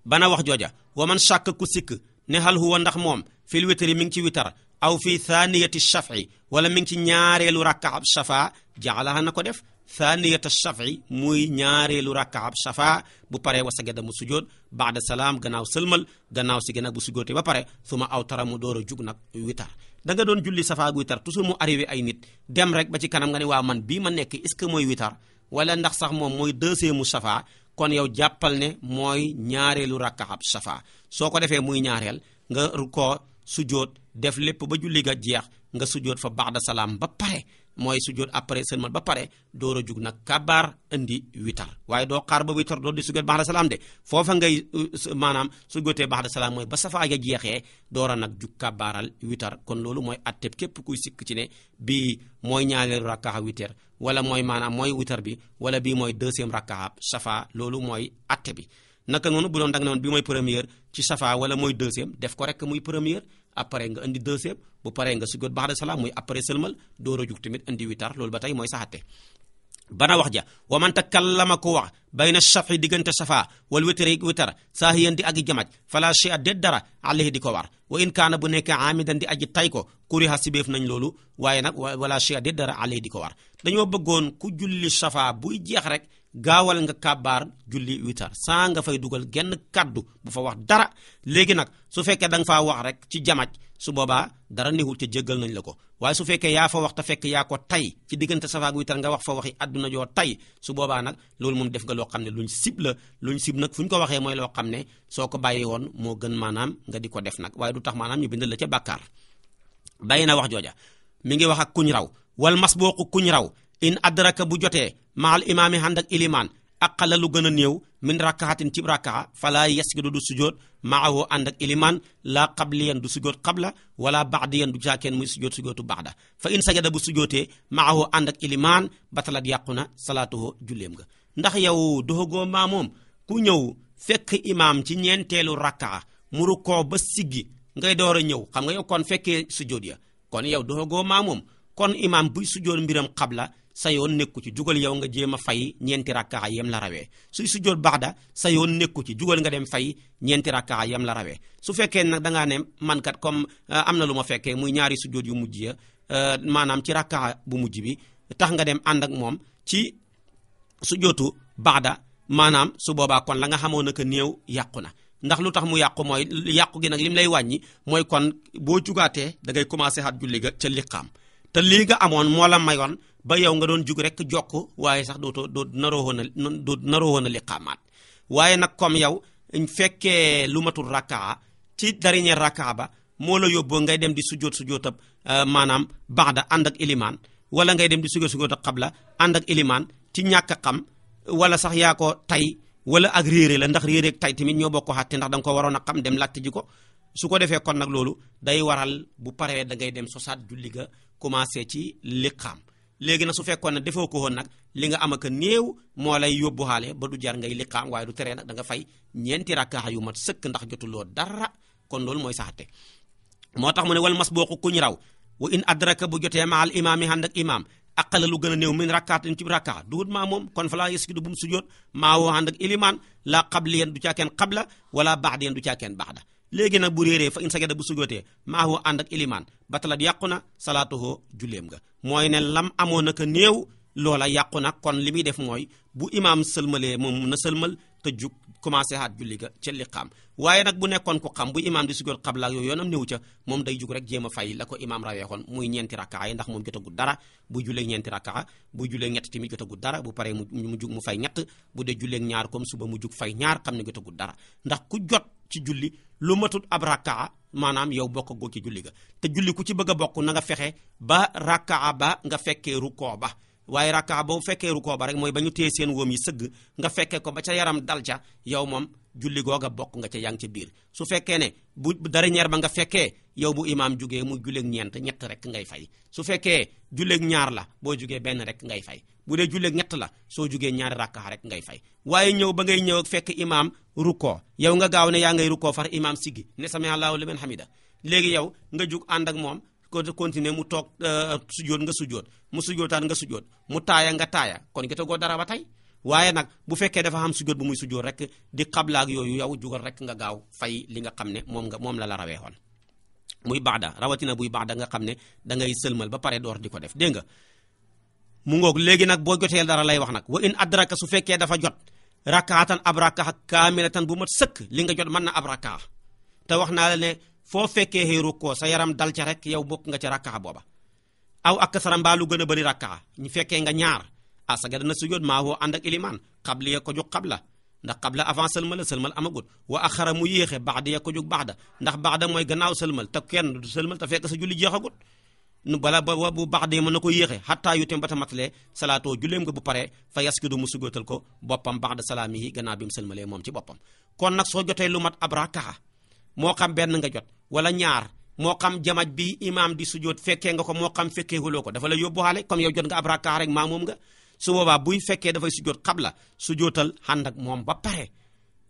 bana wax jooja wa man shàkk ku sikk ne hal huwa ndax moom fil witri mi ngi ci witar aw fi thaniyati shafi wala mi ngi ci ñaareelu rakka shafa jaalaha na ko def thaniyata shafi muy ñaareelu rakkaab shafa bu paree wa sajada mu sujood baada salaam gannaaw sëlmal gannaaw si gi nag bu sujootee ba pare su ma aw tara mu door a jug nag witar da nga doon julli safa ak witar toujours mu arrivé ay nit dem rek ba ci kanam nga ne waa man bii ma nekk est-ce que mooy witar wala ndax sax moom mooy deuxième mu shafa kon yow jàppal ne mooy ñaareelu rakkaab shafa soo ko defee muy ñaareel nga rukkoo sujood def lépp ba julli ga jeex nga sujood fa baada salaam ba pare mooy sujjóot après sëlmal ba pare door a jug nag kabaar indi witar waaye doo xaar ba witar doo di sujjóot ba'da salaam de foofa ngay uh, maanaam su sujjóotee ba'da salaam mooy ba safaa ya jeexee door nag jug kabaaral witar kon loolu mooy atte képp kuy sikk ci ne bii mooy ñaareelu rakkaxa witar wala mooy maanaam mooy witar bi wala bii mooy deuxième rakkaxa safa loolu mooy atte bi naka noonu bu doon da nga ne mooy première ci safa wala mooy deuxième def ko rek muy première après nga indi deuxième bu paree nga sujjóot ba'da salaam muy après sëlmal door a jug tamit indi witar loolu ba tey mooy saxaate bana wax ja wa man takallama ko wax bayna shafi diggante shafa wal witri witar saahiyan di agi jamaj fala shay'a déet dara di ko war wa in kaana bu nekkee amidan di aji tay ko kuriha sibeef nañ loolu waaye wala shay'a déet dara di ko war dañoo bëggoon ku julli shafa buy jeex rek gaawal nga kàbbaar julli witar saa nga fay dugal genn kàddu bu fa wax dara léegi nag su fekkee da nga faa wax rek ci jamaj su boobaa dara newul te jéggal nañ la ko waaye su fekkee yaa fa wax te fekk yaa ko tey ci diggante safaak witar nga wax fa waxi àdduna joo tey su boobaa nag loolu moom def nga loo xam ne luñ sib la luñ sib nag fu ñu ko waxee mooy loo xam ne soo ko bàyyi woon moo gën maanaam nga di ko def nag waaye du tax maanaam ñu bind la ca bàkkaar bàyyi na wax jooja mi ngi wax ak kuñ raw wal masbuq kuñ raw in adraka bu jotee maal imaami ànd ak ilimaan aqala lu gën a néew min rakkaxatin cib rakkaxa fala yasjudu du sujjóot maahu ànd ak ilimaan laa qabliyan du sujjóot qabla wala baadiyan du jaakeen muy sujjóot sujjóotu baada fa in sajada bu sujjóotee maahu ànd ak ilimaan batalat yàqu na salaatuhu julleem nga ndax yow doxagoo maa moom ku ñëw fekk imaam ci ñeenteelu rakkaxa mu rukkoo ba siggi ngay door a ñëw xam nga yow kon fekkee sujjóot ya kon yow doxagoo maa moom kon imaam buy sujjóot mbiram qabla sa yoon nekku ci jugal yow nga jéem a fay ñeenti rakkaa yem la rawee su sujjoot baxda sa yoon nekku ci jugal nga dem fay ñeenti rakkaa yam la rawee su fekkee nag dangaa ne man kat comme euh, am na lu ma fekkee muy ñaari sujjoot yu mujj ya euh, maanaam ci rakkaa bu mujj bi tax nga dem ànd ak moom ci sujjootu baxda maanaam su boobaa kon la nga xamoon ne que néew yàqu na ndax lu tax mu yàqu mooy yàqu gi nag lim lay wàññi mooy kon boo jugaatee da ngay commencé xaat julli ca liqaam te lii amoon moo la mayoon ba yow nga doon jug rek jokk waaye sax dootoo doo naroo woon a doo naroo woon a liqaamaat waaye nag comme yow fekkee lu matul rakkaa ci dernier rakkaa ba moo la yóbboo ngay dem di sujoot sujootab euh, maanaam baxda ànd ak ilimaan wala ngay dem di sujoot sujootab xabla ànd ak ilimaan ci ñàkk a xam wala sax yaako ko tay wala ak réere la ndax réere ak tay tamit ñoo bokk xatte ndax da nga ko waroon a xam dem laajte ji ko su ko defee kon nag loolu day waral bu paree da ngay dem sosaat julli ga commencé ci liqaam léegi nag su fekkoon ne defoo ko woon nag li nga am ak néew moo lay yóbbu xaale ba du jar ngay liqaam waaye du teree nag da nga fay ñeenti rakkaa yu mat sëkk ndax jotuloo dara kon loolu mooy saxate moo tax mu ne wal masbuuqu kuñ raw wa in adraka bu jotee maa imaam yi ànd ak imaam aqala lu gën a néew min rakkaatin ci rakkaa duut maa moom kon fa laa yasjudu bum mu sujjoot maa woo ànd ak ilimaan laa qabliyan du caa kenn qabla wala baadiyan du caa kenn baada léegi nag bu réeree fa in sajada bu sujootee maahu ànd ak ilimaan batalat yàqu na salaatuhu julleem nga mooy ne lam amoon naka néew loola yàqu na kon li muy def mooy bu imaam sëlmalee moom na sëlmal te jug commencé haat julli ga ca liqaam waaye nag bu nekkoon ku xam bu imaam di sujoot xabla yooyu yoonam néew ca moom day jug rek jéem fay la ko imaam raweexoon muy ñeenti rakkaa yi ndax moom jotagul dara bu jullee ñeenti rakkaa bu jullee ñett tamit jotagul dara bu paree mu jug mu fay ñett bu dee jullee ñaar comme suba mu jug fay ñaar xam ne jotagul dara ndax ku jot ci julli lu matut ab rakkaa maanaam yow bokk goo ci julli ga te julli ku ci bëgg a bokk na nga fexe ba rakkaa ba nga fekkee ba waaye rakka boo fekkee rukoo ba rek mooy ba ñu téye seen wóom yi sëgg nga fekkee ko ba ca yaram dal ca yow moom julli a bokk nga ca yaa ngi ca biir su fekkee ne bu dernière ba nga fekkee yow bu imaam jugee mu julleeg ñeent ñett rek ngay fay su fekkee julleeg ñaar la boo jugee benn rek ngay fay bu dee julleeg ñett la soo jugee ñaari rakka rek ngay fay waaye ñëw ba ngay ñëw ak fekk imaam rukoo yow nga gaaw ne yaa ngay rukoo far imaam siggi ne sami allahu liman hamida léegi yow nga jug ànd ak moom continuer mu toog euh, sujjóot nga sujjóot mu sujjóotaan nga sujjóot mu taaya nga taaya kon gi dara ba tey waaye nag bu fekkee dafa am sujjóot bu muy sujjóot rek di xablaak yooyu yow jugal rek nga gaaw fay li nga xam ne moom nga moom la la rawee woon muy baada rawatina buy baada nga xam ne da ngay sëlmal ba pare door di ko def dégg nga mu ngoog léegi nag boo joteel dara lay wax nag wa in adraka su fekkee dafa jot rakaatan ab raka kaamilatan bu mat sëkk li nga jot mën na ab foo fekkee xéeru ko sa yaram dal ca rek yow bokk nga ca rakkaxa booba aw ak sara mbaa lu gën a bëri rakkaxa ñu fekkee nga ñaar a ah saga dana sujjóot maa woo ànd ak ilimaan xabli ya ko jóg xabla ndax xabla avant sëlmal la sëlmal amagut wa axara mu yéexe baxda ya ko jóg baxda ndax baxda mooy gannaaw sëlmal te kenn du sëlmal te fekk sa julli jeexagut nu bala ba bu baxda yi mën na ko yéexe xattaa yu tem ba ta matalee salaatoo julleem nga bu pare fa yaskidu mu sujjóotal ko boppam baxda salaami yi gannaaw bi mu sëlmalee moom ci boppam kon nag soo jotee lu mat ab rakkaxa moo xam benn nga jot wala ñaar moo xam jamaj bi imaam di sujjóot fekkee nga ko moo xam fekkee huloo ko dafa la yóbbuwaale comme yow jot nga ab rakkaa rek maa moom nga su boobaa buy fekkee dafay sujjóot xabla sujjóotal ànd ak moom ba pare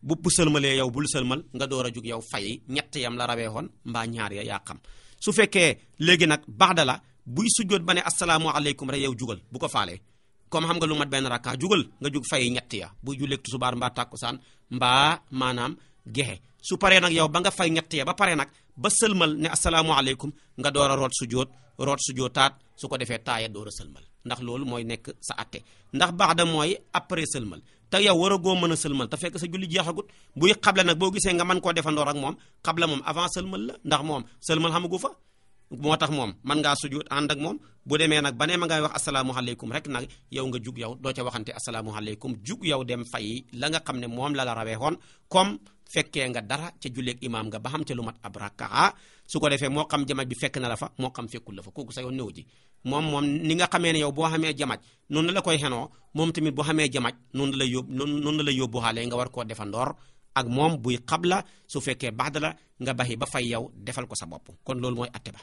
bu bu sëlmalee yow bul sëlmal nga door a jug yow fay ñetti yam la rawee woon mbaa ñaar ya yaa xam su fekkee léegi nag baxda la buy sujjóot ba ne asalaamaaleykum rek yow jugal bu ko faalee comme xam nga lu mat benn rakkaa jugal nga jug fay ñett ya buy julleeg tusubaar mbaa tàkkusaan mbaa maanaam gexe su paree nag yow ba nga fay ñett ya ba pare nag ba sëlmal ne asalaamualeykum nga door a root sujjóot root sujjóotaat su ko defee taaya door a sëlmal ndax loolu mooy nekk sa atte ndax baax da mooy après sëlmal te yow war a goo mën a sëlmal te fekk sa julli jeexagut buy xable nag boo gisee nga man koo defandoor ak moom xable moom avant sëlmal la ndax moom sëlmal xamagu fa moo tax moom mën ngaa sujjóot ànd ak moom bu demee nag ba ne ma ngay wax asalaamualeykum rek nag yow jug yow doo ca waxante asalaamualeykum jug yow dem fay la nga xam ne moom la la rawee woon comme fekkee nga dara ca julleeg imaam nga ba xam ca lu mat ab rakkaa su ko defee moo xam jamaaj bi fekk na la fa moo xam fekkul la fa kooku sa yoon néew ji moom moom ni nga xamee ne yow boo xamee jamaaj noonu la koy xenoo moom tamit boo xamee jamaaj noonu la yób noonu la yóbbu xaale nga war koo defandoor ak moom buy xabla su fekkee baxda la nga baxi ba fay yow defal ko sa bopp kon loolu mooy atte ba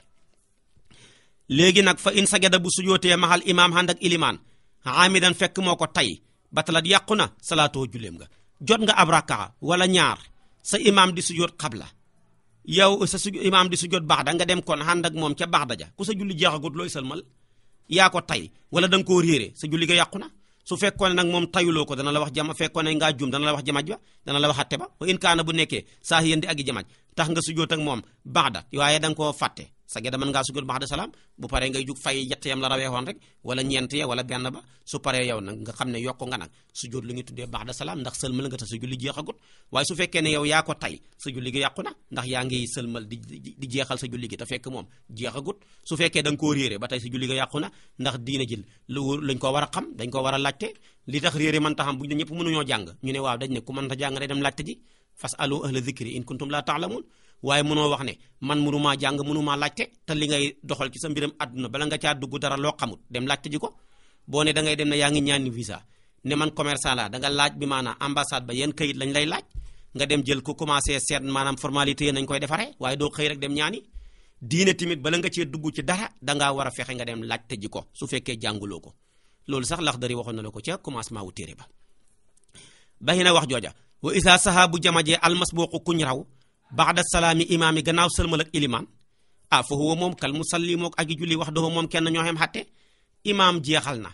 léegi nag fa in sajada bu yootee maxal imaam ànd ak ilimaan fekk moo ko tay batalat yàqu na salaatoo julleem nga jot nga ab rakkaa wala ñaar sa imaam di sujjóot xabla yow sa su imaam di baax da nga dem kon ànd ak moom ca baax da ja ku sa julli jeexagut looy sëlmal yaa ko tay wala da koor koo sa julli ga yàqu na su fekkoon ne moom tayuloo ko dana la wax jama fekkoon ne ngaa juum dana la wax jamaj ba dana la wax atte ba wa in kaana bu nekkee sa yéen di agi jamaj tax nga sujjóot ak moom baxda waaye da nga koo fàtte sa ge da mën ngaa sujjóot baxda salaam bu paree ngay jug fay yett yam la raweexoon rek wala ñeent ya wala benn ba su paree yow nga xam ne yokk nga nag sujjóot lu ngi tuddee baxda salaam ndax sëlmal nga te sa julli jeexagut waaye su fekkee ne yow yaa ko tay sa julli gi yàqu na ndax yaa ngi sëlmal di di jeexal sa julli gi te fekk moom jeexagut su fekkee da nga koo ba tey sa julli gi yàqu na ndax diina jël lu lañ ko war a xam dañ ko war a laajte li tax réere mën ta ñu ñëpp mënuñoo jàng ñu ne waaw fasalu ahla dhikri in kuntum la ta'lamun waaye mënoo wax ne man mënumaa jàng mënumaa laajte te li ngay doxal ci sa mbiram àdduna bala nga caa dugg dara loo xamut dem laajte ji ko boo ne da ngay dem ne yaa ngi ñaani visa ne man commerçant la da nga laaj bi maanaam ambassade ba yan kayit lañ lay laaj nga dem jël ko commencé seet maanaam formalité yi nañ koy defaree waaye doo xëy rek dem ñaani diine tamit bala nga cee dugg ci dara dangaa war a fexe nga dem laajte ji ko su fekkee jànguloo ko loolu sax Laxdari waxoon na la ko ca commencement wu téere ba baxi a wax jooja wa isa saha bu jamajee almasbuqu kuñ raw baxda salaami imaam yi gannaaw sëlmal ak ilimaan ah fa huwa moom kal musalli mook aji julli wax doxu moom kenn ñoo xam imaam jeexal na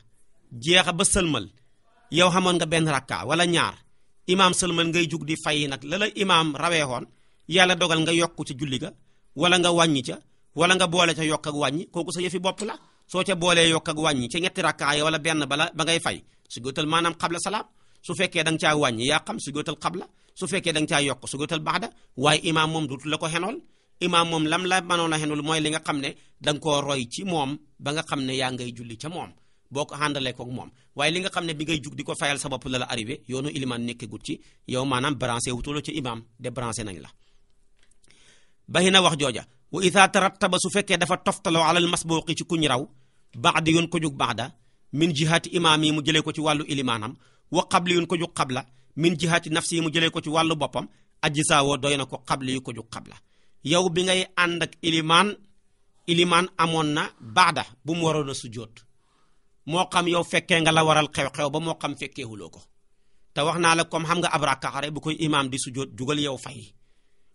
jeexa ba sëlmal yow xamoon nga benn rakka wala ñaar imaam sëlmal ngay jug di fay yi nag la imaam raweexoon yàlla dogal nga yokk ci julli ga wala nga wàññi ca wala nga boole ca yokk ak wàññi kooku sa yëfi bopp la soo ca boolee yokk ak wàññi ca ñetti rakka ya wala benn bala ba ngay fay su góotal maanaam xabla salaam su fekkee dang nga caa wàññi yaa xam sujootal xabla su fekkee da nga caa yokk sujootal baxda waaye imaam moom dootu la ko xenool imaam moom lam la mënoon a xenool mooy li nga xam ne da koo roy ci moom ba nga xam ne yaa ngay julli ca moom boo ko àndalee koog moom waaye li nga xam ne bi ngay jug di ko fayal sa bopp la la arrivé yoonu ilimaan nekkagut ci yow maanaam branché wutuloo ci imaam débranché nañ la baxi na wax jooja wa ida tarattaba su fekkee dafa toftaloo alal masbuqi ci kuñ raw di yoon ko jug baxda min jihaati imaam yi mu jëlee ko ci wàllu ilimaanam wa xabli yun ko jug xabla min jihaati nafsi yi mu jëlee ko ci wàllu boppam aji saawoo doy na ko xabli yu ko jug xabla yow bi ngay ànd ak ilimaan ilimaan amoon na baada bu mu waroon a sujjóot moo xam yow fekkee nga la waral xew-xew ba moo xam fekkeewuloo ko te wax naa la comme xam nga ab rakkaxare bu koy imaam di sujjóot jugal yow fay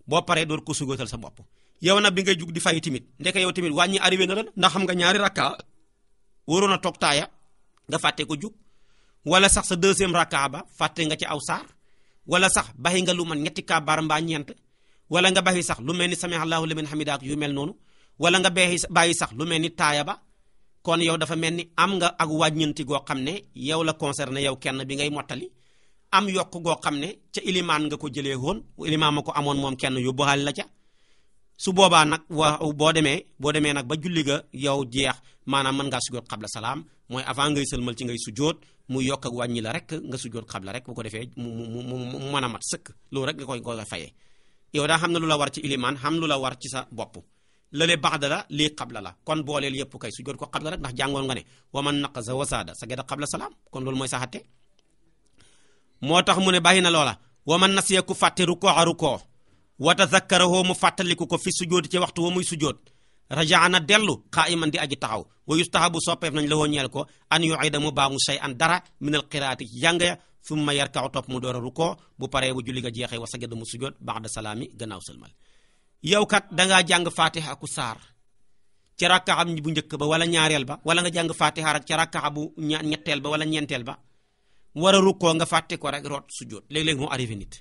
boo paree door ko sujjóotal sa bopp yow na bi ngay jug di fay tamit ndeke yow tamit wàññi arrivé na rek ndax xa nga ñaari rakka waroon a toog taaya nga ko jug wala sax sa deuxième rakka ba fàtte nga ci aw saar wala sax baxi nga lu man ñetti kaa mbaa ñeent wala nga baxi sax lu mel ni sami allahu liman hamida ak yu mel noonu wala nga baxi bàyyi sax lu mel ni taaya ba kon yow dafa mel ni am nga ak wàññanti goo xam ne yow la concerné yow kenn bi ngay mottali am yokk goo xam ne ca ilimaan nga ko jëlee woon ilimaan ma ko amoon moom kenn yóbbuwaale la ca su boobaa nag wa boo demee boo demee nag ba julli ga yow jeex maanaam mën ngaa sujjóot xabla salaam mooy avant ngay sëlmal ci ngay sujjóot mu yokk ak wàññi la rek nga sujjoot xabla rek bu ko defee mu mu mu mu mën a mat sëkk loolu rek nga koy nga koy fayee yow daa xam ne lu la war ci ilimaan xam lu la war ci sa bopp lële baxda la lii xabla la kon booleel yëpp kay sujjoot ko xabla rek ndax jàngoon nga ne wa man naqasa wasaada sa geda xabla salaam kon loolu mooy sa xatte moo tax mu ne bàyyi na loola wa man nasiya ku fàtte rukoo a rukoo wa tazakkarahu mu fàttaliku ko fi sujjoot ci waxtu wa muy sujjoot rajaa na dellu qaa'iman di aji taxaw wa yustahabu soppeef nañ la woo ñeel ko an yu'ida mu baamu shay an dara minal qiraati ci jàng ya summa yarka'u topp mu door a rukkoo bu paree bu julli ga jeexee wa sajada mu sujjoot ba'da salaami gannaaw sëlmal yow kat dangaa jàng fatiha ku saar ci rakkaxam bu njëkk ba wala ñaareel ba wala nga jàng fatiha rek ci rakkaxa bu ñetteel wala ñeenteel ba war a rukkoo nga fàtte ko rek root sujjoot léeg-léeg moo arrivé nit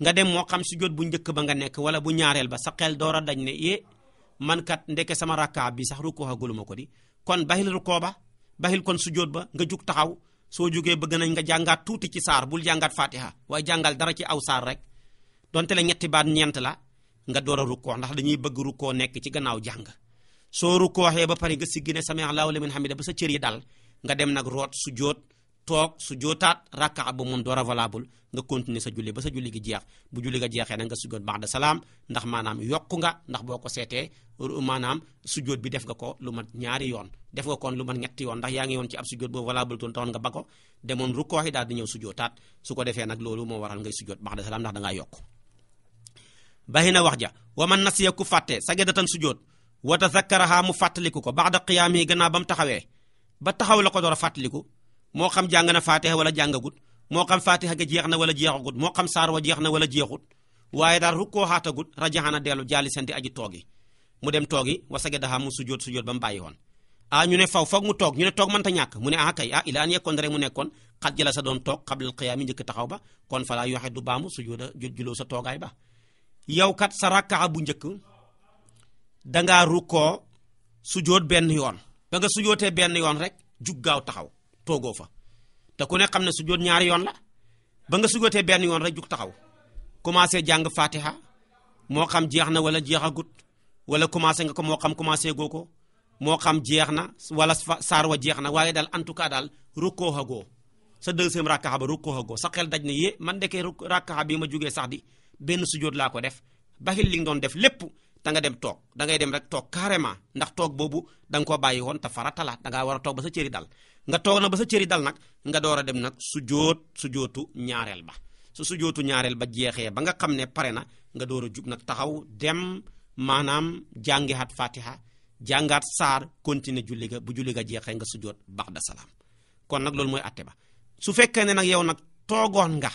nga dem moo xam sujjoot bu njëkk ba nga nekk wala bu ñaareel ba sa xel door dañ ne yee man kat ndeke sama rakkaa bi sax rukkoo aguluma ko di kon bahil rukkoo ba bahil kon sujjóot ba nga jug taxaw soo jógee bëgg nañ nga jàngaat tuuti ci saar bul jàngaat fatiha waaye jàngal dara ci aw saar rek donte la ñetti baat ñeent la nga door a rukkoo ndax dañuy bëgg rukkoo nekk ci gannaaw jàng soo rukkooxee ba pare nga siggi ne sami Allahu liman hamida ba sa cër yi dal nga dem nag root sujjóot toog su jootaat rakka ba moom door a valable nga continuer sa julli ba sa julli gi jeex bu julli ga jeexee nag nga sujjoot ba'da salaam ndax maanaam yokku nga ndax boo ko seetee maanaam sujjoot bi def nga ko lu mat ñaari yoon def nga kon lu mat ñetti yoon ndax yaa ngi woon ci ab sujjoot boobu valable toon taxoon nga ba ko demoon rukkoo yi daal di ñëw sujjootaat su ko defee nag loolu moo waral ngay sujjoot ba'da salaam ndax da ngaa yokku ja wa man nasiya ku fàtte sajdatan sujjoot wa tazakkaraha mu fàttaliku ko ba'da qiyaami gannaaw ba mu taxawee ba taxaw la ko door a fàttaliku moo xam jàng na faatiha wala jàngagut moo xam faate ga jeex na wala jeexagut moo xam saar wa jeex na wala jeexut waaye daal rukkoo xaatagut rajaxana dellu jaali senti aji toogi mu dem toogi wasage daxa mu sujjóot sujjóot ba mu bàyyi woon ah ñu ne faw foog mu toog ñu ne toog mënta ñàkk mu ne ah kay rek mu nekkoon xat jëla sa doon toog xablal xiyaami njëkk taxaw ba kon falaa yoxe du baamu sujjóota juloo sa toogaay ba yow kat sa rakkaa bu njëkk dangaa rukkoo sujjóot benn yoon ba nga sujjóotee benn yoon rek jug gaaw taxaw toogoo fa te ku ne xam ne su jot ñaari yoon la ba nga sugatee benn yoon rek jug taxaw commencé jàng fatiha moo xam jeex na wala jeexagut wala commencé nga ko moo xam commencé goo ko moo xam jeex na wala saar wa jeex na waaye daal en tout cas daal rukkoo goo sa deuxième rakkaxa ba rukkoo agoo sa xel daj na yee man dekee rakkaxa bi ma jugee sax di benn sujood laa ko def baxil li nga doon def lépp da nga dem toog da ngay dem rek toog carrément ndax toog boobu da koo bàyyi woon te farata la da a toog sa cëri nga toog na ba sa cëri dal nag nga door a dem nag sujjóot sujjóotu ñaareel ba su sujjóotu ñaareel ba jeexee ba nga xam ne pare na nga door a jug nag taxaw dem maanaam jàngihaat fatiha jàngaat saar continuer julli ga bu julli ga jeexee nga sujjóot baxda salaam kon nag loolu mooy atte ba su fekkee ne nag yow nag toogoon nga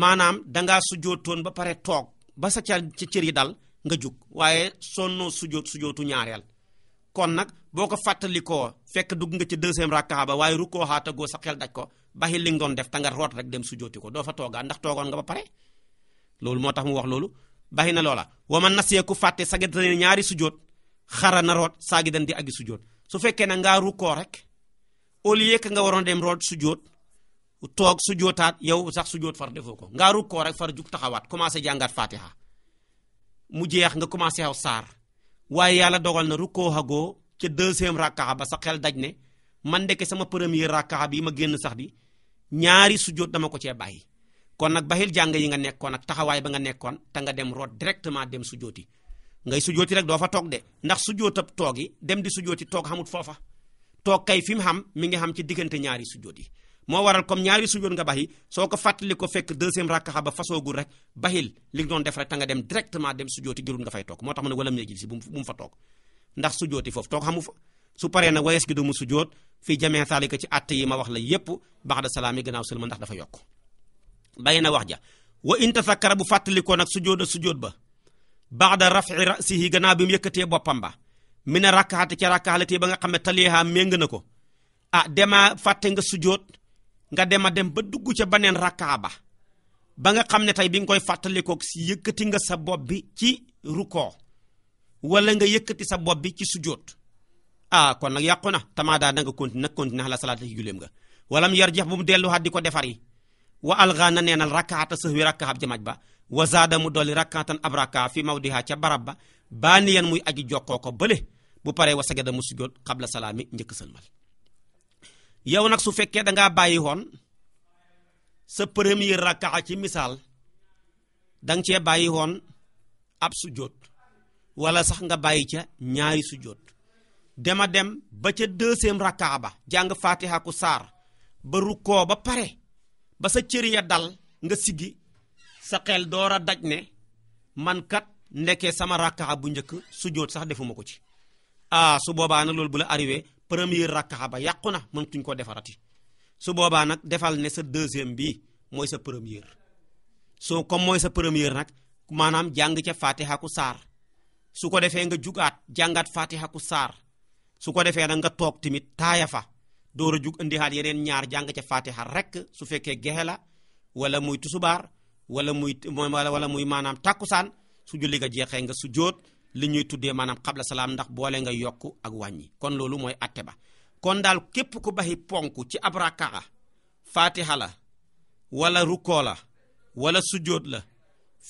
maanaam dangaa sujjóotoon ba pare toog ba sa ca ci cër yi dal nga jug waaye sonnoo sujjóot sujjóotu ñaareel kon nag boo ko fàttali ko fekk dugg nga ci deuxième rakka ba waaye rukkoo xaatagoo sa xel daj ko baxi li nga def ta nga root rek dem su jooti ko doo fa toogaat ndax toogoon nga ba pare loolu moo tax mu wax loolu baxi na loola wa man naseeku fàtte sagitane ñaari sujoot xara na root saagi dan di agi sujoot su fekkee na ngaa rukkoo rek au lieu nga waroon dem root sujoot toog sujootaat yow sax sujoot far defoo ko ngaa rukkoo rek far jug taxawaat commencé jàngaat fatiha mu jeex nga commencé xaw saar waaye yàlla dogal na rukkoo xagoo ca deuxième rakkaxa ba sa xel daj ne man ndeke sama premier rakkaxa bi ma génn sax di ñaari sujjóot dama ko cee bàyyi kon nag baxil jàng yi nga nekkoon ak taxawaay ba nga nekkoon te nga dem root directement dem sujjóoti ngay sujjóoti rek doo fa toog de ndax sujjóotab toogi dem di sujjóoti toog xamut foofa toog kay fi mu xam mi ngi xam ci diggante ñaari sujjóot yi moo waral comme ñaari sujjoon nga baxi soo ko fàttali ko fekk deuxième rakkaxa ba fasoogul rek baxil li nga doon def rek ta nga dem directement dem sujooti girul nga fay toog moo tax mu ne wala mu yëgil si bu mu fa toog ndax sujooti foofu toog xamu fa su paree na wayes gi du mu sujoot fii jamee saalika ci att yi ma wax la yépp baxda salaam yi gannaaw sëlma ndax dafa yokk bàyyi na wax ja wa in tasakkara bu fàttalikoo nag sujoot a sujoot ba baxda si rasihi gannaaw bi mu yëkkatee boppam ba mi ne rakkaxate ca rakkaxalatee ba nga xam ne taliha méng na ko ah demaa fàtte nga sujoot nga dem a dem ba dugg ca beneen rakkaa ba ba nga xam ne tey bi nga koy fàttalikook si yëkkati nga sa bopp bi ci rukkoo walla nga yëkkati sa bopp bi ci sujjóot ah kon nag yàqu na tamaadaa da nga continué nag continué ala salaata ci julleem nga walam yar jeex bu mu delluwaat di ko defari wa wa alga na neenal rakkaata sahwi rakkaab jamaaj ba wa zaada mu dolli rakkaatan ab rakkaa fi mawdiha ca barab ba yan muy aji jokkoo ko bële bu paree wa sajada mu sujjóot xabla salaami njëkk sëlmal yow nag su fekkee dangaa bàyyi woon sa première rakkaa ci misaal danga cee bàyyi woon ab sujjóot wala sax nga bàyyi ca ñaari sujjóot dema dem ba ca deuxième rakkaa ba jàng faatiha saar ba rukkoo ba pare ba sa cër ya dal nga siggi sa xel door a daj ne mankat kat ndekkee sama rakkaa bu njëkk sujjóot sax defuma ko ci ah su boobaa nag loolu bu la arrivé première rakkaxa ba yàqu na mëntuñ ko defarati su boobaa nag defal ne sa deuxième bii mooy sa première soo comme mooy sa première nag maanaam jàng ca fatiha ku saar su ko defee nga jugaat jàngaat fatiha ku saar su ko defee nag nga toog tamit taaya fa door a jug indihaat yeneen ñaar jàng ca fatiha rek su fekkee gexe la wala muy tusubaar wala muy wala muy maanaam tàkkusaan su julli nga jeexee nga su jóot li ñuy tuddee maanaam xabla salaam ndax boole nga yokk ak wàññi kon loolu mooy atte ba kon daal képp ku baxi ponk ci ab rakkaa fatiha la walla rukkoo la wala sujjóot la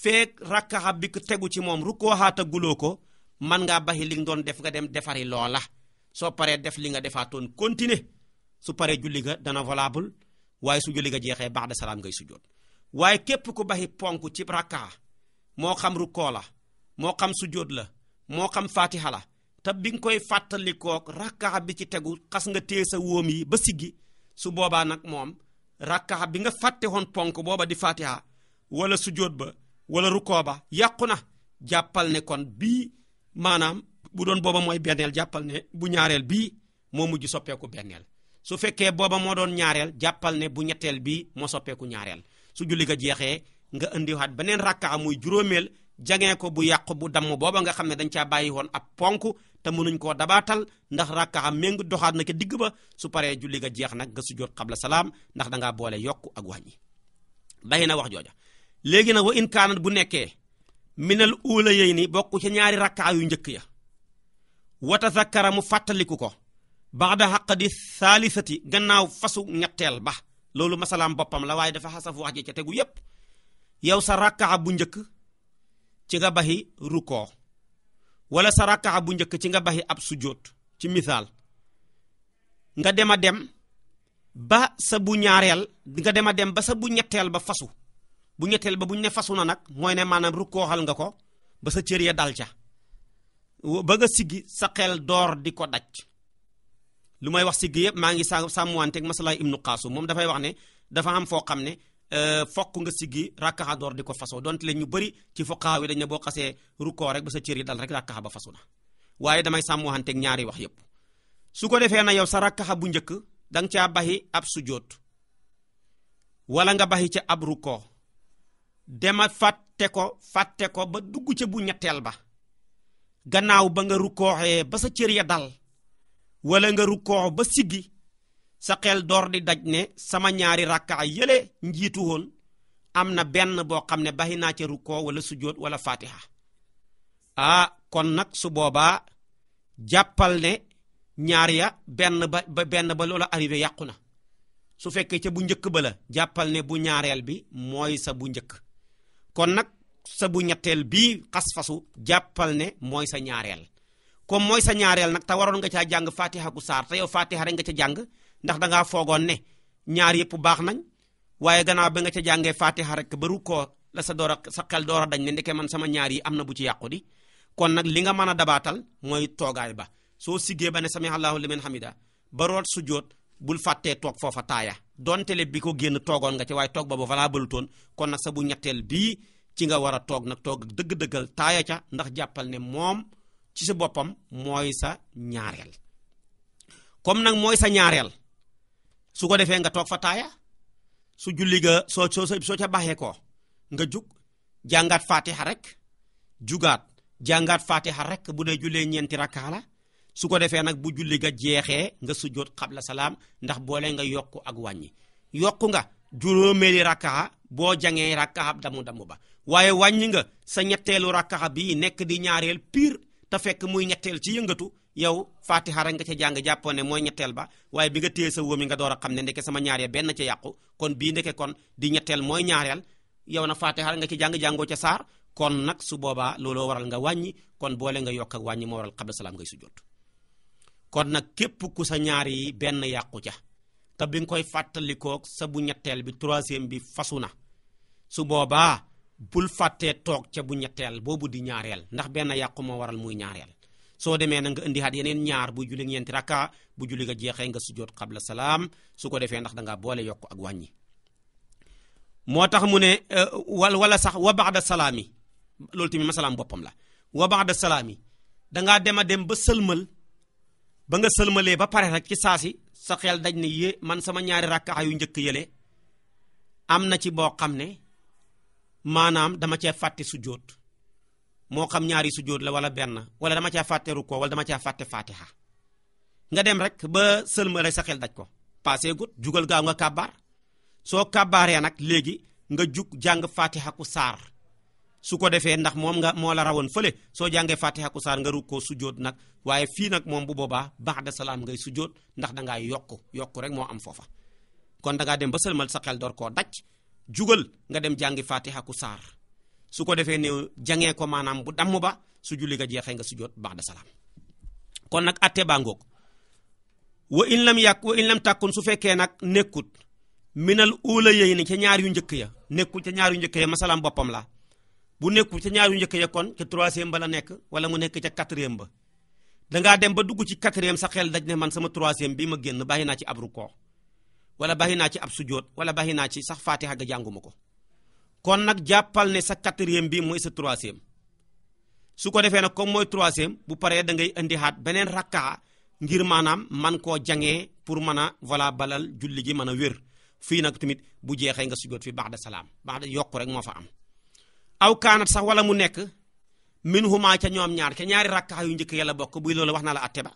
feek rakkaa bi ku tegu ci moom rukkoo xaata guloo ko man ngaa baxi li nga doon def nga dem defari loola soo paree def li nga defaatoon continuer su paree julli ga dana valable waaye su julli ga jeexee baax da salaam ngay sujjóot waaye képp ku baxi ponk ci rakkaa moo xam rukkoo la moo xam sujjóot la moo xam fatiha te bi nga koy fàttalikook rakka bi ci tegu xas nga téye sa woom yi ba siggi su boobaa nag moom rakkaxa bi nga fàtte woon ponk booba di fatiha wala sujjóot ba wala rukkoo ba yàqu na jàppal ne kon bii maanaam bu doon booba mooy benneel jàppal ne bu ñaareel bii moo mujj soppeeku benneel su fekkee booba moo doon ñaareel jàppal ne bu ñetteel bii moo soppeeku ñaareel su julli ga jeexee nga indiwaat beneen rakkaa muy juróomeel jagee ko bu yàqu bu damm booba nga xam ne dañ caa bàyyi woon ab ponk te mënuñ koo dabaatal ndax rakkaxa méng doxaat na ca digg ba su paree julli ga jeex nag nga sujjóot xabla salaam ndax dangaa boole yokk ak wàññi bàyyi na wax jooja léegi nag wa in kaanat bu nekkee minal uula yey ni bokk ci ñaari rakkaa yu njëkk ya wa tazakkara mu fàttaliku ko baxda xaqadi saalisati gannaaw fasu ñetteel ba loolu masalaam boppam la waaye dafa xasaf wax ji ca tegu yépp yow sa rakkaa bu njëkk ci nga baxi rukkoo wala sa rakkaa bu njëkk ci nga baxi ab sujjóot ci misaal nga dem a dem ba sa bu ñaareel nga dem a dem ba sa bu ñetteel ba fasu bu ñetteel ba bu ne fasu na nag mooy ne maanaam rukkooxal nga ko ba sa cër ya dal ca ba nga siggi sa xel door di ko daj lu may wax siggi yëpp maa ngi sàmm sàmmanteeg masalaay ibnu qaasu moom dafay wax ne dafa am foo xam ne Euh, fokk nga siggi rakkaxa door di ko faso donte leen ñu bari ci fuqaha yi dañ ne boo xasee rukkoo rek ba sa cër yi dal rek rakkaxa ba fasu na waaye damay sàmm waxanteeg ñaari wax yëpp su ko defee na yow sa rakkaxa bu njëkk da caa baxi ab sujoot wala nga baxi ca ab rukkoo dema fàtte ko fàtte ko ba dugg ca bu ñetteel ba gannaaw ba nga rukkooxee ba sa cër ya dal wala nga rukkoo ba siggi sa xel door di daj ne sama ñaari rakka yéle njiitu woon am na benn boo xam ne baxi naa ca rukkoo wala sujjóot wala fatiha ah kon nag su boobaa jàppal ne ñaar ya benn ba benn ba loola arrivé yàqu na su fekkee ca bu njëkk ba la jàppal ne bu ñaareel bi mooy sa bu njëkk kon nag sa bu ñetteel bii xas-fasu jàppal ne mooy sa ñaareel comme mooy sa ñaareel nag te waroon nga caa jàng fatiha ku saar te yow fatiha rek nga ca jàng ndax dangaa foogoon ne ñaar yëpp baax nañ waaye gannaaw ba nga ca jàngee fatiha rek ba rukkoo la sa doora a sa xel door a dañ ne ndeke man sama ñaar yi am na bu ci yàqu di kon nag li nga mën a dabaatal mooy toogaay ba soo siggee ba ne sami allahu liman hamida ba root sujjóot bul fàttee toog foofa taaya donte le bi ko génn toogoon nga ci waaye toog ba ba valaa balutoon kon nag sa bu ñetteel bii ci nga war a toog nag toog dëgg-dëggal taaya ca ndax jàppal ne moom ci sa boppam mooy sa ñaareel comme nag mooy sa ñaareel su ko defee nga toog fa taaya su julli ga soo sa soo ca baxee ko nga jug jàngaat fatiha rek jugaat jàngaat fatiha rek bu dee jullee ñeenti rakkaa la su ko defee nag bu julli ga jeexee nga sujjóot xabla salaam ndax boole nga yokk ak wàññi yokk nga juróomeeli rakkaa boo jangee rakkaa damu damu ba waaye wàññi nga sa ñetteelu rakkaa bii nekk di ñaareel pire te fekk muy ñetteel ci yëngatu yow fatiha rek nga ca jàng jàppoon ne mooy ñetteel ba waaye bi nga téye sa wóomi nga door a xam ne ndeke sama ñaar benn ca yàqu kon bii ndeke kon di ñetteel mooy ñaareel yow na fatiha nga ca jàng jàngoo ca saar kon nag su boobaa looloo waral nga wàññi kon boole nga yokk ak wàññi moo waral xabla salaam ngay sujjóot kon nag képp ku sa ñaari benn yàqu ca te bi nga koy fàttalikoo sa bu ñetteel bi troisième bi fasu na su boobaa bul fàttee toog ca bu ñetteel boobu di ñaareel ndax benn yàqu moo waral muy ñaareel soo demee na nga indiwaat yeneen ñaar bu julli ñeenti rakka bu julli nga jeexee nga sujjoot qabla salaam su ko defee ndax dangaa ngaa boole yokk ak wàññi. moo tax mu ne eh, wal wala sax wa ba'da salaami loolu tamit masalaam boppam la wa ba'da salaami da ngaa dem a dem ba sëlmal ba nga sëlmalee ba pare rek ci saasi sa xel daj ne yé man sama ñaari rakka yu njëkk yële am na ci boo xam ne maanaam dama cee fàtte sujjoot moo xam ñaari sujjóot la wala benn wala dama caa fàtte rukkoo wala dama caa fàtte fatiha nga dem rek ba sëlmale sa xel daj ko passé gut jugal gaaw nga kàbbaar soo kàbbaaree nag léegi nga jug jàng fatiha ku saar su ko defee ndax moom nga moo la rawoon fële soo jàngee fatiha ku saar nga rukkoo sujjóot nag waaye fii nag moom bu boobaa baax ba'da salaam ngay sujjóot ndax dangaa yokku yokku rek moo am foofa kon danga dem ba sëlmal sa xel door koo daj jugal nga dem jàngi fatiha ku saar su ko defee ne jangee ko maanaam bu damm ba su julli nga jeexee nga sujjóot baax da salaam kon nag atte baa ngoog wa in lam yàq wa in lam tàkkun su fekkee nag nekkut minal uula yéy ni ca ñaar yu njëkk ya nekkul ca ñaar yu njëkk ya masalaam boppam la bu nekkul ca ñaar yu njëkk ya kon ca troisième ba la nekk wala mu nekk ca quatrième ba dangaa dem ba dugg ci quatrième sa xel daj ne man sama troisième bi ma génn bàyyi naa ci ab rukkoo wala bàyyi naa ci ab sujjóot wala bàyyi naa ci sax faatiha jànguma ko kon nag jàppal ne sa quatrième bi mooy sa troisième su ko defee nag comme mooy troisième bu paree da ngay indi xaat beneen rakkaa ngir maanaam man koo jangee pour mën a voilà balal julli gi mën a wér fii nag tamit bu jeexee nga sujjóot fi ba'da salaam ba'da yokk rek moo fa am. aw kaanat sax wala mu nekk min huma ca ñoom ñaar ca ñaari rakkaa yu njëkk yàlla bokk buy loolu wax na la atte ba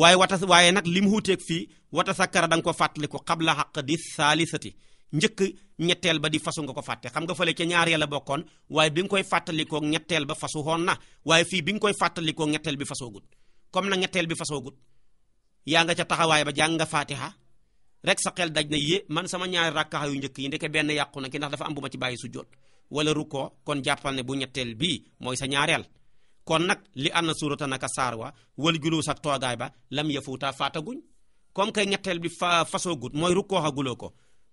waaye wata waaye nag lim xuuteeg fii wata sakkara da nga ko fàttaliku qabla xaq di saalisati njëkk ñetteel ba di fasu nga ko fàtte xam nga fële ca ñaar ya bokkoon waaye bi nga koy fàttalikoo ñetteel ba fasu xoon na waaye fii bi nga koy fàttalikoo ñetteel bi fasoogut comme na ñetteel bi fasoogut yaa nga ca taxawaay ba jàng nga faatiha rek sa xel daj na yé man sama ñaari rakkaxa yu njëkk yi ndeke benn yàqu na ki ndax dafa am bu ma ci bàyyi sujjóot wala rukkoo kon jàppal bu ñetteel bii mooy sa ñaareel kon nag li na suurata naka saar wa wal juluus ak toogaay ba lam yafuuta faataguñ comme que ñetteel bi fa fasoogut mooy rukkoo xaguloo ko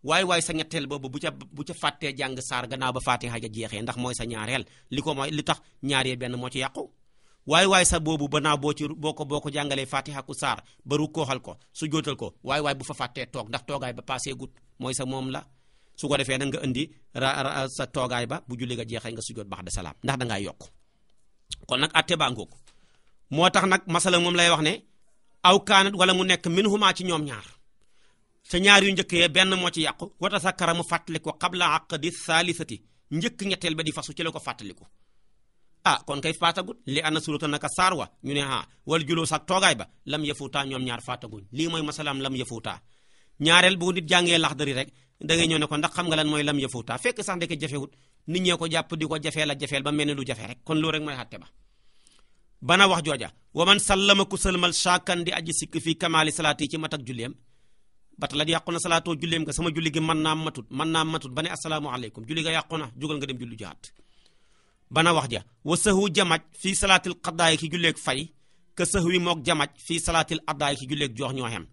waaye waaye sa ñetteel boobu bu ca bu ca fàttee jàng saar gannaaw ba fatiha ja jeexee ndax mooy sa ñaareel li ko mooy li tax ñaaree benn moo ci yàqu waaye waay sa boobu banaaw boo ci boo ko boo ko jàngalee fatiha ku saar ba rukkooxal ko su jootal ko waaye waaye bu fa fàttee toog ndax toogaay ba passé gut mooy sa moom la su ko defee nag nga indi sa toogaay ba bu julli nga jeexee nga sujjoot baax de salaam ndax dangaa yokk kon nag atte baa ngoog moo tax nag masala moom lay wax ne aw kaanat wala mu nekk min huma ci ñoom ñaar ca ñaar yu njëkk ya benn moo ci yàqu wata sakkara mu fàttaliku qabla aqdi saalisati njëkk ñetteel ba di fasu ci la ko fàttaliku ah kon kay faatagut li ana surata naka saarwa ñu ne ah wal julus ak toogaay ba lam yafuutaa ñoom ñaar faataguñ lii mooy masalaam lam yafuutaa ñaareel bu nit jàngee laxdari rek da ngay ñëw ne ko ndax xam nga lan mooy lam taa fekk sax ndeke jafewut ni ñee ko jàpp di ko jafee la jafeel ba mel ni lu jafe rek kon loolu rek mooy xatte ba bana wax jooja waman sallama ku sëlmal shaakan di aji sikk fii kamaali salaati ci mat ak julleem ba talat yàqu na salaatoo julleem nga sama julli gi mën naa matut mën naa matut ba ne asalaamaaleykum julli ga yàqu na jugal nga dem julli jaat bana wax ja wa sëxu jamaj fii salaatil xaddaay ki julleeg fay ka wi moog jamaj fii salaatil addaay ki julleeg jox ñoo xem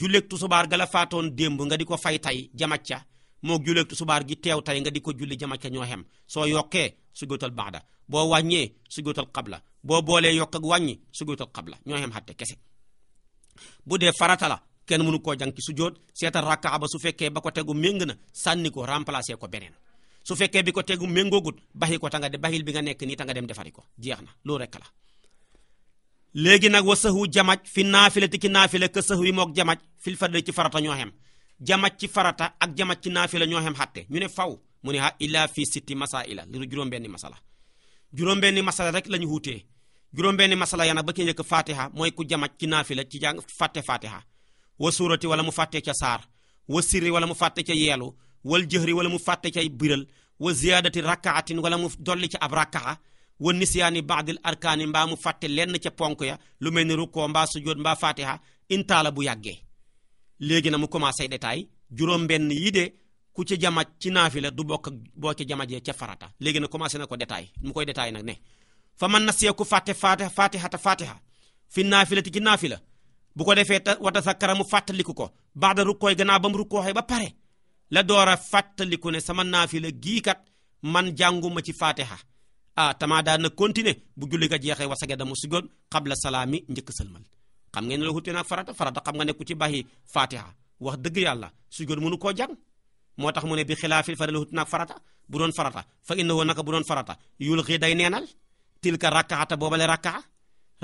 julleeg tusubaar gala faatoon démb nga di ko fay tay jamaj ca moog julleeg tusubaar gi teew tay nga di ko julli jamaj ca ñoo xem soo yokkee sujootal baada boo wàññee sujootal qabla boo boolee yokk ak wàññi sujootal qabla ñoo xem xatte kese bu la kenn mënu koo jàng ci sujjóot seetal rakkaa ba su fekkee ba ko tegu méng na sànni ko remplacer ko beneen su fekkee bi ko tegu méngoogut baxi ko ta nga de baxil bi nga nekk nii ta dem defari ko jeex na loolu rek la léegi nag wa sëxwu jamaj fi naafilati ci naafila ka sëxwi mook jamaj fil fadli ci farata ñoo xem jamaj ci farata ak jamaj ci naafila ñoo xem xatte ñu ne faw mu ne a illa fi sitti masaila liru juróom-benni masala juróom-benni masala rek la ñu wuutee juróom-benni masala ya nag ba ci njëkk fatiha mooy ku jamaj ci naafila ci jàng fàtte fatiha wa suurati wala mu fàtte ca saar wa sirri wala mu fàtte ca yeelu wal jëhri wala mu fàtte ca biral wa ziyaadati rakkaatin wala mu dolli ca ab rakkaa wa nisyaani baadil arkaani mbaa mu fàtte lenn ca ponk ya lu mel ni rukkoo mbaa sujjóot mbaa fatiha intaala bu yàggee léegi na mu commencé détail juróom benn yi de ku ci jamaj ci naafila du bokk boo ci jee ca farata léegi na commencé na ko détail mu koy détail nag ne fa man na ku fàtte fatiha fatihata fatiha fi naafilati ci naafila bu ko defee ta wata sa karamu fàttaliku ko baada rukkooy gannaaw ba mu rukkooxee ba pare la door a fàttaliku ne sama naafila gii kat man ma ci fatiha ah tamaa daan na continuer bu julli ga jeexee wasage dama sujoon qabla salaami njëkk sëlmal xam ngeen ne la wuute na ak farata farata xam nga ne ku ci bàyyi fatiha wax dëgg yàlla sujoon mënu koo jàng moo tax mu ne bi xilaafil fari la wuute na farata bu doon farata fa innahu naka bu doon farata yulqi day neenal tilka rakkaata booba la rakkaa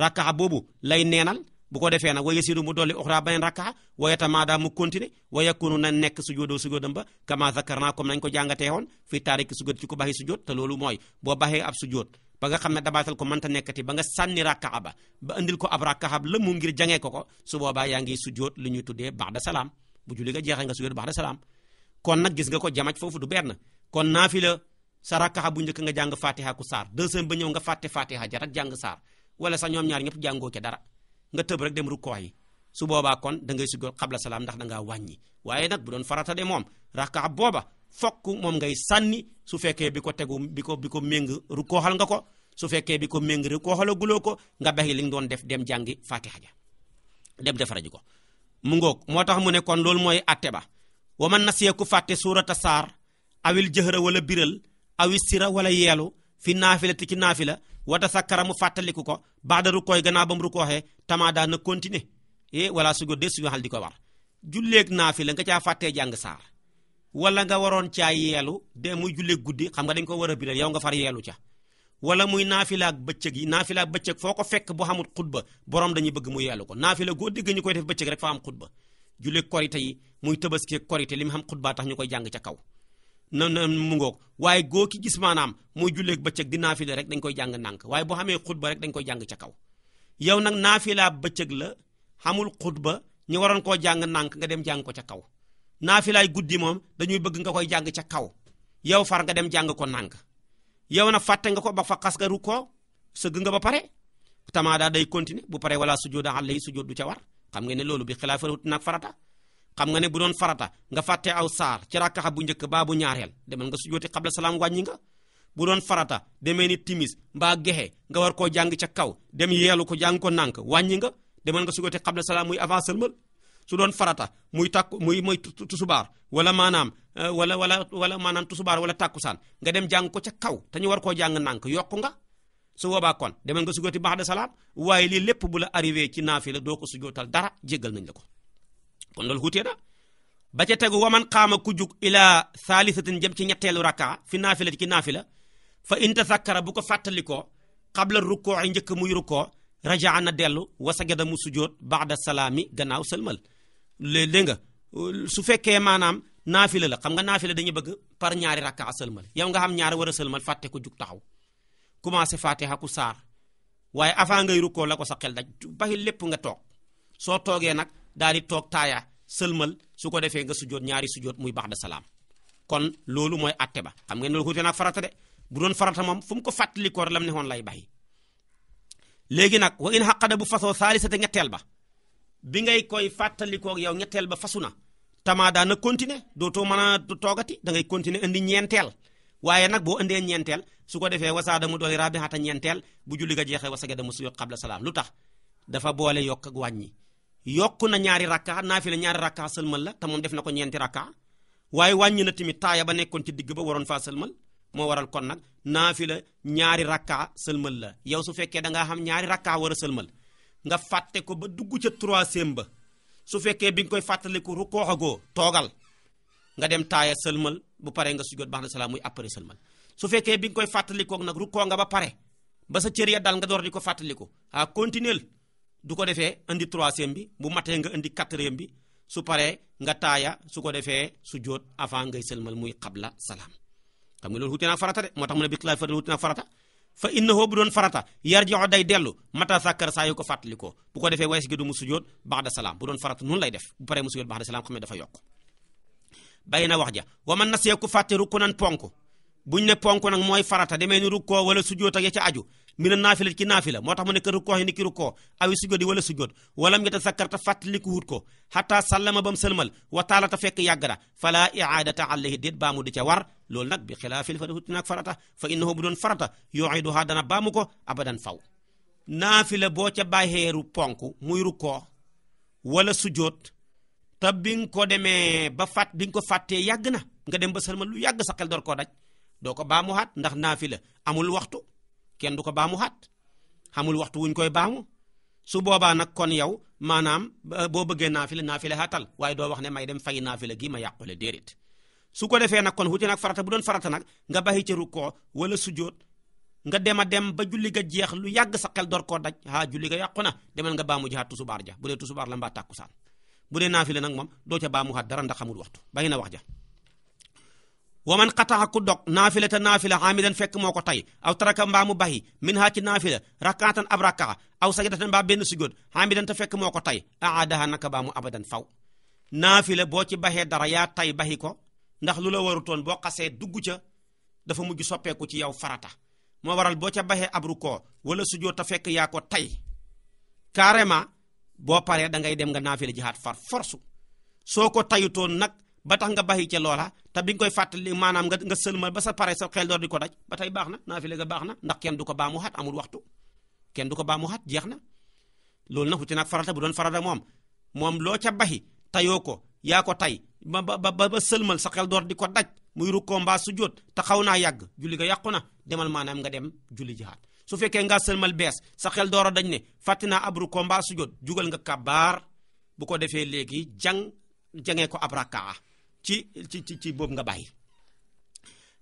rakkaa boobu lay neenal bu ko defee nag wa yasiru mu dolli uxra beneen rakka wa yatamaada mu continuer wa yakunu na nekk sujjóodo sujjóodam ba kama zakarna comme nañ ko jàngatee woon fii taariki sujjóod ci ku baxee sujjóod loolu mooy boo baxee ab sujjóod ba nga xam ne dabaatal ko ta mënta nekkati ba nga sanni rakkaa ba ba indil ko ab rakkaa la mu ngir jangee ko ko su boobaa yaa ngi sujjóot li ñuy tuddee ba'da salaam bu julli nga jeexee nga sujjóot ba'da salaam kon na gis nga ko jamaj foofu du beer na kon naafila sa rakkaa bu njëkk nga jàng fatiha ku saar deuxième ba ñëw nga fàtte fatiha ja rek jàng saar wala sa ñoom ñaar ñëpp jàngoo ca dara nga tëb rek dem rukkoo yi su boobaa kon da ngay sujjoot xabla salaam ndax da ngaa wàññi waaye nag bu doon farata de moom raka booba fokk moom ngay sànni su fekkee bi ko tegu bi ko bi ko méng rukkooxal nga ko su fekkee bi ko méng rukkooxala guloo ko nga baxi li nga doon def dem jàngi fatiha ja dem defaraji ko mu ngoog moo tax mu ne kon loolu mooy atte ba wa man nasiya ku fàtte suurata saar awil jëhra wala biral awil sira wala yelu fi naafilati ci naafila wata sakkara mu fàttaliku ko baada rukkooy ganaa ba mu rukkooxee tamaadaa na continuer e wala su de suñu xal di ko war julleeg naa fi la nga caa fàttee jàng saar wala nga waroon caa yeelu dem muy julleeg guddi xam nga dañ ko war a biral yow nga far yeelu ca wala muy naafila ak bëccëg yi naafila ak bëccëg foo ko fekk bu xamul xutba borom dañuy bëgg mu yeelu ko naafila goo dégg ñu koy def bëccëg rek fa am xutba julleeg korite yi muy tëbaski ak korite li mu xam xutbaa tax ñu koy jàng ca kaw na na mu ngoog waaye goo ki gis maanaam muy julleeg bëccëg di naafila rek dañ koy jàng nànk waaye boo xamee xutba rek dañ koy jàng ca kaw yow nag naafila bëccëg la xamul xutba ñu waroon koo jàng nànk nga dem jàng ko ca kaw naafilaay guddi moom dañuy bëgg nga koy jàng ca kaw yow far nga dem jàng ko nànk yow nag fàtte nga ko ba fa xas nga ko sëgg nga ba pare tamaada day continuer bu pare wala sujjóoda alayhi sujjóot du ca war xam nga ne loolu bi xilaafawut nag farata xam nga ne bu doon farata nga fàtte aw saar ci rakkaxa bu njëkk baa bu ñaareel demal nga sujooti xabla salaam wàññi nga bu doon farata demee ni timis mbaa gexe nga war koo jàng ca kaw dem yeelu ko jàng ko wàññi nga demal nga sujooti xabla salaam muy avant sëlmal su doon farata muy takku muy muy tusubaar wala maanaam euh, wala wala wala maanaam tusubaar wala tàkkusaan nga dem jàng ko ca kaw te war koo jàng nànk yokku nga su boobaa kon demal nga sujooti ba'da salaam waaye lii lépp bu la arrivé ci la doo ko sujootal dara jéggal nañ la ko kon loolu xuutee na ba ca tegu wa man xaama ku jug ilaa saalisatin jëm ci ñetteelu rakka fi naafila ci naafila fa in tasakkara bu ko fàttalikoo xabla rukkoo ay njëkk muy rukkoo rajaa na dellu wa sa wasagada mu sujjóot da salaami gannaaw sëlmal léegi dégg nga su fekkee maanaam naafila la xam nga naafila dañu bëgg par ñaari rakka sëlmal yow nga xam ñaari war a sëlmal fàtte ko jug taxaw commencé fatiha ku saar waaye avant ngay rukkoo la ko sa xel daj bàyyi lépp nga toog soo toogee nag daal di toog taaya sëlmal su ko defee nga sujjoot ñaari sujjoot muy baax da salaam kon loolu mooy atte ba xam ngeen loolu ko nag farata de bu doon farata moom fu mu ko fàttali lam ne xoon lay bàyyi léegi nag wa in xaqada bu fasoo saalisate ñetteel ba bi ngay koy fàttalikoo yow ñetteel ba fasu na tamaa daana continuer dootoo mën a toogati da ngay continuer indi ñeenteel waaye nag boo indee ñeenteel su ko defee wasaada mu dooli rabi xata ñeenteel bu julli ga jeexee wasage da mu suyot xabla salaam lu tax dafa boole yokk ak wàññi yokk na ñaari rakka la ñaari rakka sëlmal la te def na ko ñeenti rakka waaye wàññi na tamit taaya ba nekkoon ci digg ba waroon faa sëlmal moo waral kon nag la ñaari rakka sëlmal la yow su fekkee da ngaa xam ñaari rakka wara a sëlmal nga fàtte ko ba dugg ca troisième ba su fekkee bi nga koy fàttaliku rukkoo xagoo toogal nga dem taaya sëlmal bu paree nga sujjóot baax na salaam muy après sëlmal su fekkee bi nga koy fàttalikoo nag rukkoo nga ba pare ba sa cër ya dal nga door di ko fàttaliku ah continuer du ko defee indi troisième bi bu matee nga indi quatrième bi su paree nga taaya su ko defee su jóot avant ngay sëlmal muy xabla salaam xam nga loolu wuute naa farata de moo tax mu ne bi kilaa wuute naa farata fa innahu bu doon farata yarji'u day dellu mata sàkkar saa yu ko fàttalikoo bu ko defee wayes gi du mu sujoot ba'da salaam bu doon farata noonu lay def bu paree mu sujoot ba'da salaam xam ne dafa yokk bàyyi na wax ja wa man nasiya ku fàtte rukunan ponk buñ ne ponk nag mooy farata demee ni rukkoo wala sujjóot ak ya ca aju mina naafila ci naafila moo tax mu nekk rukkoo yi ni ki rukkoo awi sujjóot yi wala sujjóot wala mu yatasakkarta fàttaliku wut ko xataa sallama ba mu sëlmal wa taalata fekk yàgg fala iaadata alayhi déet baamu di ca war loolu nag bi xilaafil farati nag farata fa innahu bu doon farata yuiduha dana baamu ko abadan faw naafila boo ca bàyyeeru ponk muy rukkoo wala sujjóot te bi nga ko demee ba fàtt bi nga ko fàttee yàgg na nga dem ba sëlmal lu yàgg sa xel door koo daj doo ko baamu xaat ndax naafila amul waxtu kenn du ko baamu xaat amul waxtu wuñ koy baamu su boobaa nag kon yow maanaam euh, boo bëggee naafila naafila xaatal waaye doo wax ne may dem fay naafila gi ma yàqule déedéet su ko defee nag kon wuti nag farata bu doon farata nag nga baxi ca rukkoo wala sujjóot nga dem a dem ba julli ga jeex lu yàgg sa xel door koo daj haa julli ga yàqu na demal nga baamu ji xaat tusubaar ja bu dee tusubaar la mbaa tàkkusaan bu dee naafila nag moom doo ca baamu xaat dara ndax amul waxtu bàyyi na wax ja wa man xataxa ku dog naafila te naafila xamidan fekk moo ko tay aw taraka baa mu baxi min ha ci naafila rakaatan ab rakaxa aw sajadatan mbaa benn sujjóot xamidan ta fekk moo ko tay aadaha naka baa mu abadan faw naafila boo ci baxee dara yaa tay baxi ko ndax lu la warutoon boo xasee dugg ca dafa mujj soppeeku ci yow farata moo waral boo ca baxee ab rukoo wala sujjóot ta fekk yaa ko tay carrément boo paree da ngay dem nga naafila jihaat far force soo ko tayutoon nag ba tax nga bàyyi ca loola te bi nga koy fàttali maanaam nga nga sëlmal ba sa pare sa xel door di ko daj ba tey baax na naafile ga baax na ndax kenn du ko baamu xat amul waxtu kenn du ko baamu xat jeex na loolu nag wuti nag farata bu doon farata moom moom loo ca baxi tayoo ko yaa ko tay ba ba ba sëlmal sa xel door di ko daj muy rukkoo mbaa su jóot te xaw naa yàgg julli ga yàqu na demal maanaam nga dem julli jihaat su fekkee ngaa sëlmal bees sa xel door a dañ ne fàtti naa ab rukkoo mbaa su jugal nga kabaar bu ko defee léegi jang jangee ko ab ci ci ci ci boobu nga bàyyi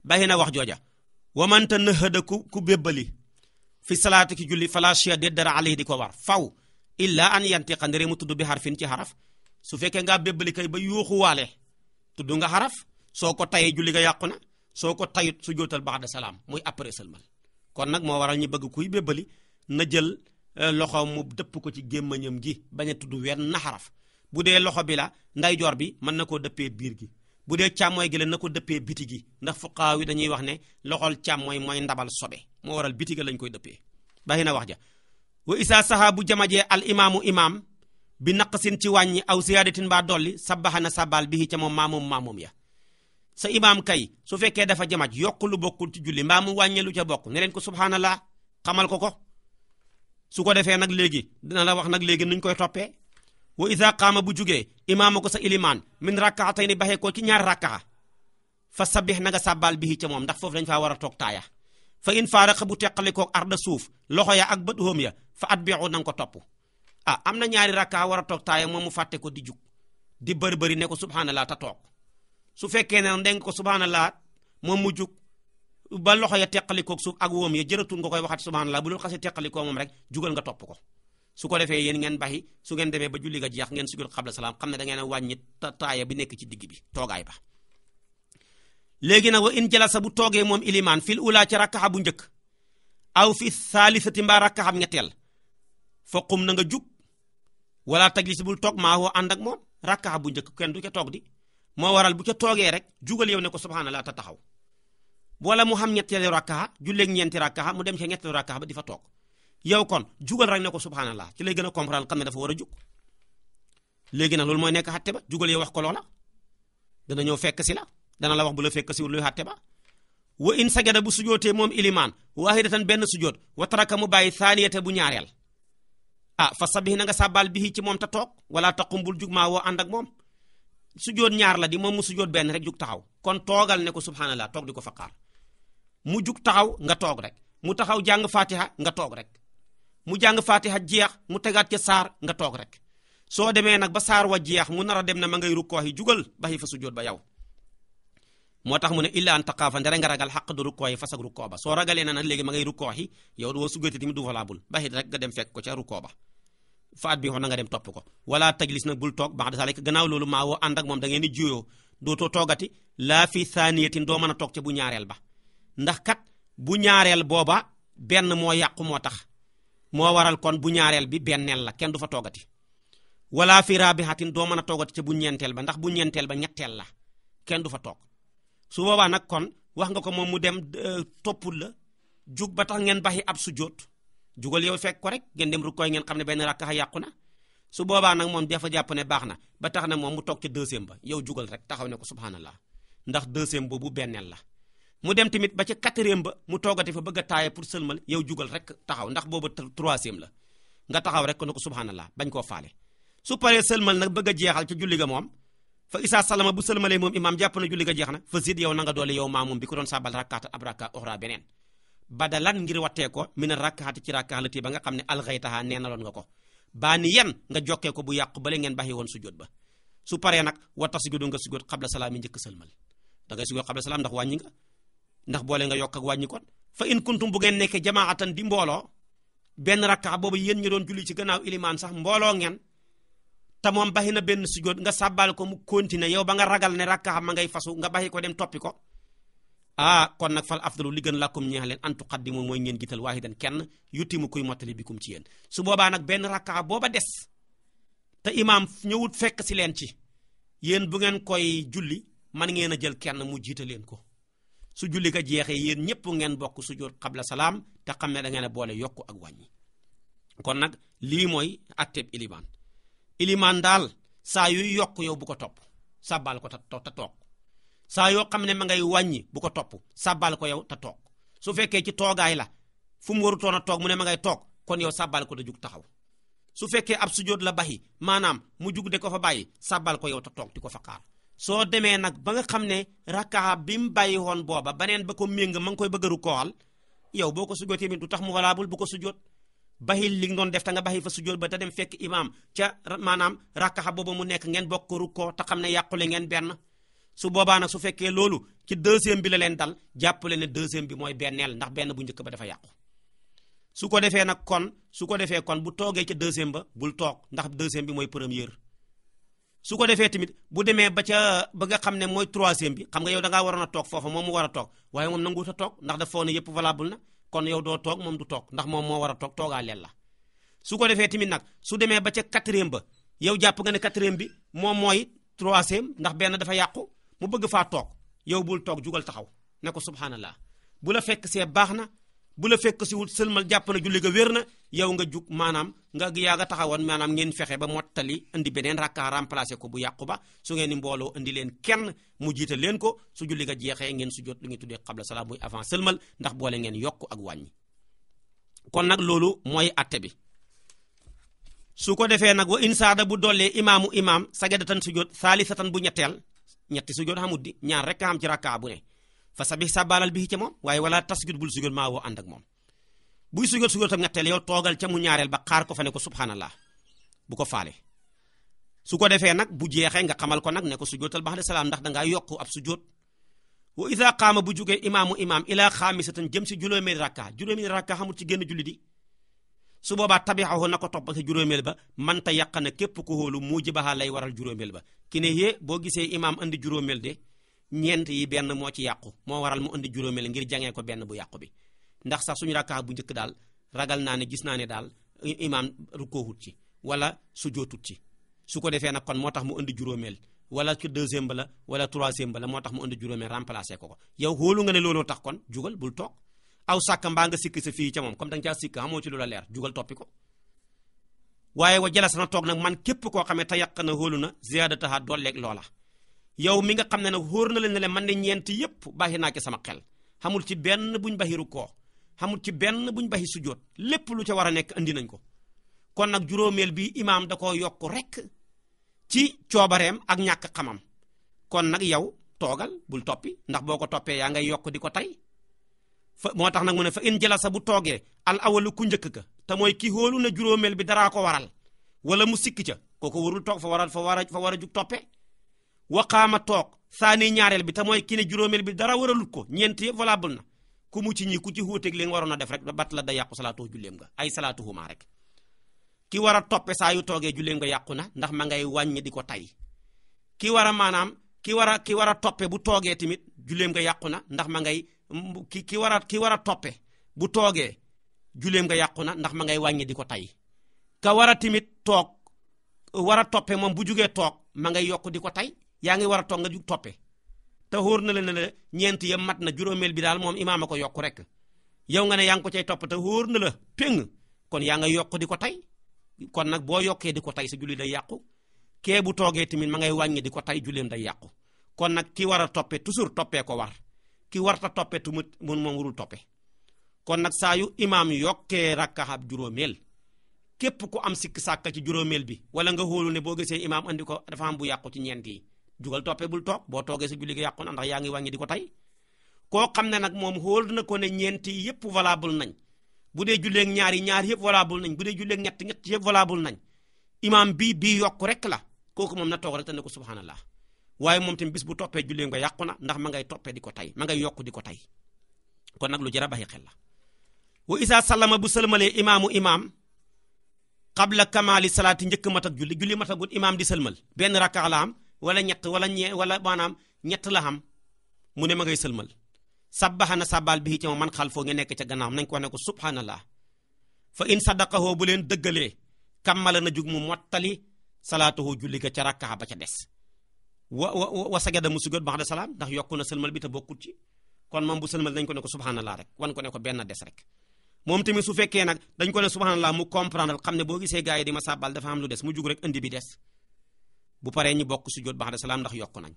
bàyyi na wax jooja waman tanahada ku ku bébbali fi salaati ki julli fala shay'a déet dara alayhi di ko war faw illa an yantiqa ndere mu tudd bi harfin ci xaraf su fekkee ngaa bébbali kay ba yuuxuwaale tudd nga xaraf soo ko tayee julli nga yàqu na soo ko tayut su jotal jootal ba'da salaam muy après sëlmal kon nag moo waral ñu bëgg kuy bébbali na jël eh, loxoom mu dëpp ko ci gémmañam gi bañ a tudd wenn na xaraf bu dee loxo bi la ndeyjoor bi mën na koo dëppee biir gi bu dee càmmooy gi la na ko dëppee biti gi ndax fuqaaw yi dañuy wax ne loxol càmmooy mooy ndabal sobe moo waral biti ga lañ koy dëppee bàyyi na wax ja wa isa saxaa bu jamajee al imaamu imaam bi naq naqsin ci wàññi aw siyaadatin baa dolli sabaxa na sabal bi ca moom maamoom maamoom ya sa imaam kay su fekkee dafa jamaj yokk lu bokkul ci julli mbaa mu wàññee lu ca bokk ne leen ko subhaanallah xamal ko ko su ko defee nag léegi dina la wax nag léegi nuñ koy toppee wa isa qaama bu jugee imaama ko sa ilimaan min rakkaatayni baxee ko ci ñaar rakkaa fa sabbih na nga sàbbaal bihi ca moom ndax foofu dañ faa war a toog taaya fa in faaraqa bu teqali koog arda suuf loxo ya ak bët hoom ya fa at na nga ko topp ah am na ñaari rakkaa war a toog taaya moom mu fàtte ko di jug di bëri bëri ne ko subhanallah ta toog su fekkee ne ndeng ko subhanallah moom mu jug ba loxo ya teqali koog suuf ak woom ya jëratul nga koy waxat subhanallah bu loolu xasee teqali koog moom rek jugal nga topp ko su ko defee yéen ngeen baxi su ngeen demee ba julli ga jeex ngeen sujud xabla salaam xam ne da ngeen a wàññi taaya bi nekk ci digg bi toogaay ba léegi nag wa in jalasa bu toogee moom ilimaan fil ula ci rakkaxa bu njëkk aw fi saalisati mbaa rakkaxam ñetteel foqum na nga jug wala tajlis bul toog maa ànd ak moom rakkaxa bu kenn du ca toog di moo waral bu ca toogee rek jugal yow ne ko subhanallah ta taxaw wala mu xam ñetteelu rakkaxa julleeg ñeenti rakka rakkaxa mu dem ca ñetteelu rakkaxa ba di fa toog yow kon jugal rek ne ko subhanallah ci lay gën a comprendre xam ne dafa war a jug léegi nag loolu mooy nekk xatte ba jugal yow wax ko loola dana ñëw fekk si la dana la wax bu la fekk si luy xatte ba wa in sajada bu sujootee moom ilimaan waahidatan benn sujoot wa taraka mu bàyyi thaniyata bu ñaareel ah fa sabbih na nga bi bihi ci moom ta toog wala taqum bul jug maa woo ànd ak moom sujoot ñaar la di moom mu sujoot benn rek jug taxaw kon toogal ne ko subhanallah toog di ko faqaar mu jug taxaw nga toog rek mu taxaw jàng fatiha nga toog rek mu jàng faatiha jeex mu tegaat ca saar nga toog rek soo demee nag ba saar wa jeex mu nar a dem na ma ngay rukkoo yi jugal baxi fa sujjóot ba yow moo tax mu ne illa an taqaafa ndere nga ragal xaq du rukkoo yi fasag rukkoo ba soo ragalee na nag léegi ma ngay rukkoo yi yow doo sugati tamit du valable baxi rek nga dem fekk ko ca rukkoo faat bi na nga dem topp ko wala tajlis nag bul toog ba'da zalika gannaaw loolu maa woo ànd ak moom da ngeen di dootoo toogati laa fi thaniyatin doo mën a toog ca bu ñaareel ba ndax kat bu ñaareel booba benn moo yàqu moo tax moo waral kon bu ñaareel bi benneel la kenn du fa toogati wala fi rabihatin doo mën a toogati ca bu ñeenteel ba ndax bu ñeenteel ba ñetteel la kenn du fa toog su boobaa nag kon wax nga ko moom mu dem euh, toppul la jug ba tax ngeen baxi ab sujjóot jugal yow fekk ko rek ngeen dem rukkooy ngeen xam ne benn rakka yàqu na su boobaa nag moom dafa jàpp ne baax na ba tax na moom mu toog ca deuxième ba yow jugal rek taxaw ne ko subhanallah ndax deuxième boobu benneel la mu dem tamit ba ca quatrième ba mu toogate fa bëgg a taaye pour sëlmal yow jugal rek taxaw ndax booba troisième la nga taxaw rek ne ko subhanallah bañ koo faale su paree sëlmal nag bëgg a jeexal ca julli ga moom fa isaa salama bu sëlmalee moom jàpp na julli ga jeex na fa zid yow na nga doole yow ko doon saabal rakkaata ab rakka oxra beneen badalan ngir wattee ko mina ci rakkaa la ba nga xam ne alxaytaha neenaloon nga ko baa ni nga jokkee ko bu yàqu bale ngeen baxi woon sujjóot ba su paree nag wa tasjudu nga sujjóot xabla salaam yi njëkk sëlmal da ngay sujjóot xabla salaam ndax wàññi nga ndax boole nga yokk ak wàññi kon fa in kuntum bu ngeen nekkee jamaatan di mbooloo benn rakka boobu yéen ñu doon julli ci gannaaw ilimaan sax mbooloo ngeen te moom baxi na benn sujjóot nga sàbbaal ko mu continuer yow ba nga ragal ne rakka ma ngay fasu nga baxi ko dem toppi ko ah kon nag fal afdalu li gën làkkum ñeex leen an tuqaddimu mooy ngeen gital waahidan kenn yutimu kuy mottali kum ci yéen su boobaa nag benn rakka booba des te imaam ñëwut fekk si leen ci yéen bu ngeen koy julli man ngeen a jël kenn mu jiite leen ko su julli ka jeexee yéen ñëpp ngeen bokk sujjóot xabla salaam te xam ne da ngeen a boole yokk ak wàññi kon nag lii mooy atteb ilimaan ilimaan daal saa yuy yokk yow bu ko topp sàbbaal ko ta toog saa yoo xam ne ma ngay wàññi bu ko topp sàbbaal ko yow te toog su fekkee ci toogaay la fu mu warutoon a toog mu ne ma ngay toog kon yow sa ko da jug taxaw su fekkee ab sujjóot la baxi maanaam mu jug de ko fa bàyyi sàbbaal ko yow te toog di ko fa xaar soo demee nag ba nga xam ne rakkaa bi mu bàyyi woon booba baneen ba ko méng ma ngi koy bëgg a yow boo ko sujjootee tamit du tax mu walaabul bu ko sujjoot baxil li nga doon def ta nga baxil fa sujjoot ba te dem fekk imaam ca maanaam rakkaa booba mu nekk ngeen bokk ko rukkoo te xam ne yàqule ngeen benn su boobaa nag su fekkee loolu ci deuxième bi la leen dal jàppale ne deuxième bi mooy benneel ndax benn bu njëkk ba dafa yàqu su ko defee nag kon su ko defee kon bu toogee ca deuxième ba bul toog ndax deuxième bi mooy première su ko defee tamit bu demee ba ca ba nga xam ne mooy troisième bi xam nga yow dangaa waroon a toog foofa moom mu war a toog waaye moom nanguwut a toog ndax dafa foog ne na kon yow doo toog moom du toog ndax moom moo war a toog toogaa leel la su ko defee tamit nag su demee ba ca quatrième ba yow jàpp nga ne quatrième bi moom mooy troisième ndax benn dafa yàqu mu bëgg faa toog yow bul toog jugal taxaw ne ko subhanallah bu la fekk see baax na bu la fekk si wut sëlmal jàpp na julli ga wér na yow nga jug maanaam nga yaa nga taxawoon maanaam ngeen fexe ba mottali indi beneen rakka remplacé ko bu yàqu ba su ngeen ni mbooloo indi leen kenn mu jiite leen ko su julli ga jeexee ngeen su jot lu ñuy tuddee xabla salaam muy avant sëlmal ndax boole ngeen yokk ak wàññi. kon nag loolu mooy atte bi su ko defee nag wa in saada bu dollee imaamu imaam sagadatan sujjóot saalisatan bu ñetteel ñetti sujjóot xamut di ñaar rek am ci rakka fa sabih sàbbaalal bi ca moom waaye wala tasjud bul sujud maa woo ànd ak moom buy sujud sujudam ñetteel yow toogal ca mu ñaareel ba xaar ko fa ne ko subhanallah bu ko faale su ko defee nag bu jeexee nga xamal ko nag ne ko sujootal ba'da salaam ndax dangaa yokku ab sujoot wa iza qaama bu jugee imaamu imaam ilaa xaamisatan jëm si juróomeeli rakka juróomeeli rakka xamul ci génn julli di su boobaa tabi'ahu na ko topp ci juróomeel ba manta yàq na képp ku xoolu mujibaha lay waral juróomeel ba ki ne boo gisee imaam andi juróomeel de ñeent yi benn moo ci yàqu moo waral mu indi juróomeel ngir jangee ko benn bu yàqu bi ndax sax suñu rakkaa bu njëkk daal ragal naa ne gis naa ne daal imaam rukkoohut ci wala sujootut ci su ko defee nag kon moo tax mu indi juróomeel wala ci bala ba la wala troisième ba moo tax mu indi juróomeel remplacé ko ko yow xoolu nga ne looloo tax kon jugal bul toog aw sàkk mbaa nga sikki sa fii ca moom comme da caa sikk xamoo ci loola leer jugal toppi ko waaye wa jala sana toog nag man képp koo xamee te yàq na xoolu na ziyaadataha dolleeg loola yow mi nga xam ne nag wóor na leen ne le man ne ñeent yépp baaxi naa ci sama xel xamul ci benn buñ baxi rukkoo xamul ci benn buñ baxi sujjóot lépp lu ca war a nekk andi nañ ko kon nag juróomeel bi imaam da koo yokk rek ci coobareem ak ñàkk xamam kon nag yow toogal bul toppi ndax boo ko toppee yaa ngay yokk di ko tey fa moo tax nag mu ne fa in jëla sa bu toogee al awalu ku njëkk ka te mooy ki xóolu na juróomeel bi daraa ko waral wala mu sikk ca ko warul toog fa waral war a fa war a jug toppee waqaama toog saani ñaareel bi ta mooy ki ne bi dara waralut ko ñeent yëpp valable na ku mu ci ñi ku ci xuuteeg li nga waroon a def rek da bat la da yàqu salaatu julleem nga ay salaatu xumaa rek ki war a toppe saa yu toogee julleem nga yàqu na ndax ma ngay wàññi di ko tay ki war a maanaam ki war a ki war a toppe bu toogee tamit julleem nga yàqu na ndax ma ngay ki ki war a ki war a toppe bu toogee julleem nga yàqu na ndax ma ngay wàññi di ko tay ka war a tamit toog war a toppe moom bu jugee toog ma ngay yokk di ko tay yaa ngi war a toog jug toppee te xóor na la ne la ñeent ya mat na juróomeel bi daal moom imaam a ko yokk rek yow nga ne yaa ngi ko cay topp te xóor na la peng kon yaa nga yokk di ko tey kon nag boo yokkee di ko tey sa julli day yàqu kee bu toogee tamit ma ngay wàññi di ko tey julleem day yàqu kon nag ki war a toppe toujours toppee ko war ki warta toppe tumut mun moom warul toppe kon nag saa yu imaam yokkee rakkaxab juróomeel képp ku am sikk sàkka ci juróomeel bi wala nga xóolu ne boo gisee imaam andi ko dafa am bu yàqu ci ñeent yi jugal toppee bul toog boo toogee sa julli gi yàqu na ndax yaa ngi wàññi di ko tey koo xam ne nag moom xool na ko ne ñeenti yëpp valable nañ bu dee julleeg ñaar yi ñaar yëpp valable nañ bu dee julleeg ñett ñett yëpp valable nañ imaam bii bi yokk rek la kooku moom na toog rek te ne ko subhanallah waaye mom tamit bis bu toppee julleeg ba yàqu na ndax ma ngay toppee di ko tey ma ngay yokk di ko tay kon nag lu jar a bàyyi la wa isa sallama bu sëlmalee imaamu imaam qabla kamaali salaati njëkk mat ak julli julli matagul imaam di sëlmal benn rakka wala ñett wala ñe wala maanaam ñett la xam mu ne ma ngay sëlmal sabbaxa na sabbal bi ci ma man xal foo nga nekk ca gannaawam nañ ko wax ne ko subhanallah fa in sadaqahoo bu leen dëggalee kammala na jug mu mottali salaatuhu julli ga ca rakkaxa ba ca des wa wa wa sagada mu sugat ba'da salaam ndax yokku na sëlmal bi te bokkut ci kon moom bu sëlmal nañ ko ne ko subhanallah rek wan ko ne ko benn des rek moom tamit su fekkee nag dañ ko ne subhanallah mu comprendre ne boo gisee gars yi di ma am lu des mu jug rek indi bu paree ñu bokk sujjóot ba'da salaam ndax yokk nañ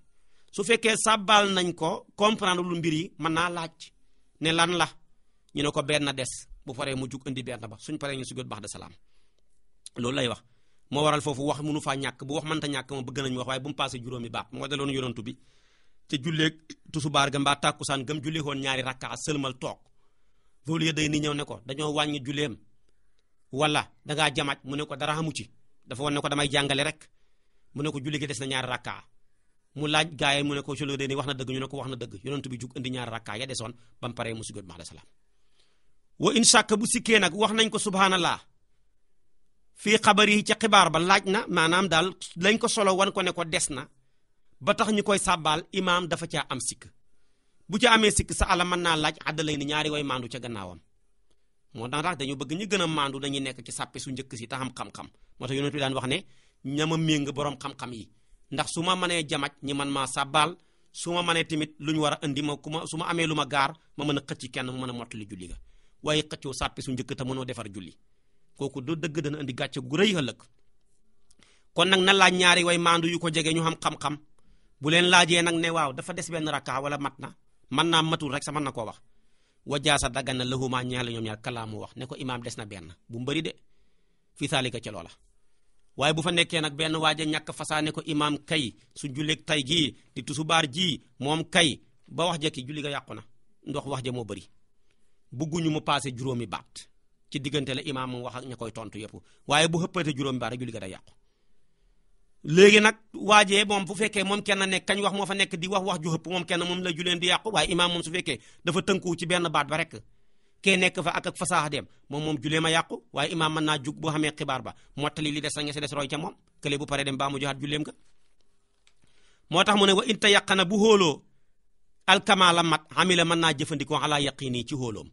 su fekkee sàbbaal nañ ko comprendre lu mbir yi mën naa laaj ne lan la ñu ne ko benn des bu paree mu jug indi benn ba suñ paree ñu sujjóot ba'da salaam loolu lay wax moo waral foofu wax mënu faa ñàkk bu wax mënta ñàkk moom bëgg nañu wax waaye bu mu passé juróomi baax moo daloon yonantu bi ca julleeg tusubaar ga mbaa tàkkusaan gam julli woon ñaari rakka sëlmal toog loolu yëpp day ni ñëw ne ko dañoo wàññi julleem wala dangaa jamaaj mu ne ko dara amu ci dafa ne ko damay jàngale rek mu ne ko julli gi des na ñaari rakka mu laaj gaay mu ne ko ci loolu wax na dëgg ñu ne ko wax na dëgg yonent bi jug indi ñaari rakka ya desoon ba mu paree mu sujjóot ma salaam wa in shakka bu sikkee nag wax nañ ko subhanallah fii xabar yi ca xibaar ba laaj na maanaam daal lañ ko solo wan ko ne des na ba tax ñu koy sàbbaal imaam dafa caa am sikk bu ca amee sikk sa ala mën naa laaj àddalay ni ñaari way maandu ca gannaawam moo tax dañu bëgg ñu gën a maandu dañuy nekk ci sàppe su njëkk si taxam xam-xam moo tax yonent bi daan wax ne ñama méng borom xam-xam yi ndax su ma mënee jamaj ñi man maa sàbbaal su ma manee tamit lu ñu war a indi ma ku ma su ma amee lu ma gaar ma mën a xëcc kenn mu mën a mottali julli waaye xëccoo sàppi su njëkk te mënoo defar julli kooku du dëgg dana indi gàcce gu rëy ëllëg kon nag na laaj ñaari way maandu yu ko jege ñu xam xam-xam bu leen laajee nag ne waaw dafa des benn rakka wala mat na mën naa matul rek sa mën na koo wax wajaasa daggan na lahumaa ñaar la ñoom ñaar kalaamu wax ne ko imaam des na benn bu mbëri de fi saalika ca loola waaye bu fa nekkee nag benn waaja ñàkk fasaane ko imaam kay su juleek tay gii di tusubaar jii moom kay ba wax ja julli ga yàqu na ndox wax ja moo bëri bugguñu mu paase juróomi baat ci diggante la imaam mu wax ak ña koy tontu yëpp waaye bu xëppate juróomi baat rek julli day yàqu léegi nag waajee moom bu fekkee moom kenn nekk kañ wax moo fa nekk di wax wax ju xëpp moom kenn moom la juleen di yàqu waaye imaam moom su fekkee dafa tënkuwu ci benn baat ba rek kee nekk fa ak ak fasaax dem moom moom julee a yàqu waaye imaam mën naa jug boo xamee xibaar ba mottali li des sa ngese des roy ca moom kële bu pare dem baa mu joxaat julleem nga moo tax mu ne wa inta yàqana bu xóoloo alkamaala mat xamila mën naa jëfandikoo alaa yaqini ci xóoloom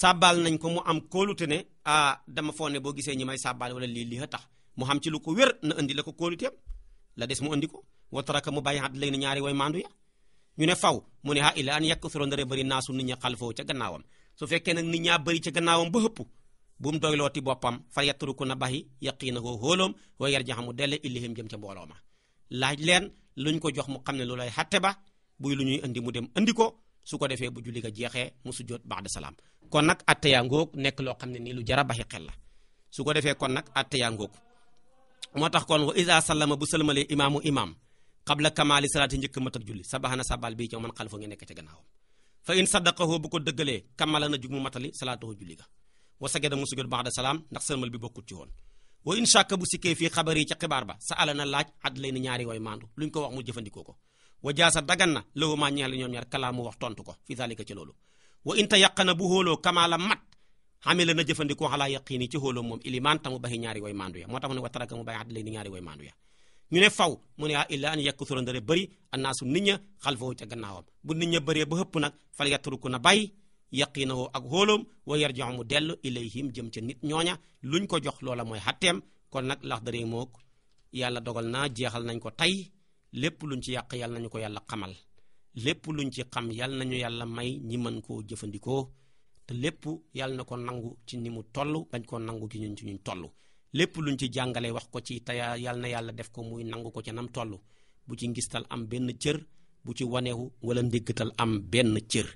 sàbbaal nañ ko mu am kóolute ne ah dama foog boo gisee ñi may sàbbaal wala lii lii a tax mu xam ci lu ko wer na andi la ko kóoluteem la des mu andi ko wa taraka mu bàyyi xat léegi ñaari way maandu ya ñu ne faw mu ne ha illa an yakk soro ndare bëri naasu nit ñi xalfoo ca gannaawam su fekkee nag ni ñaa bëri ca gannaawam ba xëpp bu loo ti boppam fa yatruku na baxi yaqiinahoo xóoloom wa yarjaxamu delle illihim jëm ca mbooloo ma laaj leen luñ ko jox mu xam ne lu lay xatte ba buy lu ñuy indi mu dem indi ko su ko defee bu julli ga jeexee mu sujjóot ba'da salaam kon nag atteyaa ngoog nekk loo xam ne nii lu jara baxi xel la su ko defee kon nag atteyaa ngoog moo tax kon wa a sallama bu sëlmalee imaamu imaam qabla kamaali salaati njëkk mat ak julli sabaxana sabal fa in saddaqahu bu ko dëggalee kamala na jug mu matali salaatahu julli ga wa sagada mu sujud ba'da salaam ndax sërmal bi bokkut ci woon wa in shakka bu sikkee fii xabar yi ca ba sa ala na laaj ad lay ni ñaari way maandu luñ ko wax mu jëfandikoo ko wa jaasa dagan na lawu maa ñeel ñoom ñaar kalaa mu wax tontu ko fii zalika ci loolu wa in tayaqana bu xóoloo kamala mat xamila na jëfandikoo xalaa yaqiini ci xóoloo moom ilimaan tamu baxi ñaari way maandu ya moo tax ya ñu ne faw mu ne ah illa an yakthura bari bëri annaasu nit ña xalfahu ca gannaawam bu nit ña bëree ba hëpp nag fal ko na bay bàyyi woo ak hóoloom wa jox mu dellu ilayhim jëm ca nit ñooña luñ ko jox loola mooy xatteem kon nag lax Laxdari mook yàlla dogal naa jeexal nañ ko tey lépp luñ ci yàq yàlla nañu ko yàlla xamal lépp luñ ci xam yàlla nañu yàlla may ñi mën koo jëfandikoo te lépp yàlla na ko nangu ci ni mu toll dañ ko nangu ci ñun ci ñun toll lépp lu ñu ci jàngale wax ko ci te yàlla na yàlla def ko muy nangu ko ca nam toll bu ci ngistal am benn cër bu ci wanewu wala ndéggatal am benn cër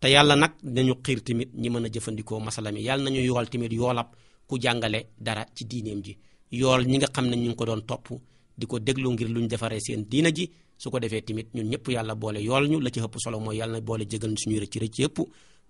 te yàlla nag nañu xiir tamit ñi mën a jëfandikoo masala mi yàlla nañu yool tamit yoolab ku jàngale dara ci diineem ji yool ñi nga xam ne ñu ngi ko doon topp di ko déglu ngir ñu defaree seen diina ji su ko defee tamit ñun ñëpp yàlla boole yool ñu la ci ëpp solo mooy yàlla boole jégal ñu suñuy rëcc rëcc yëpp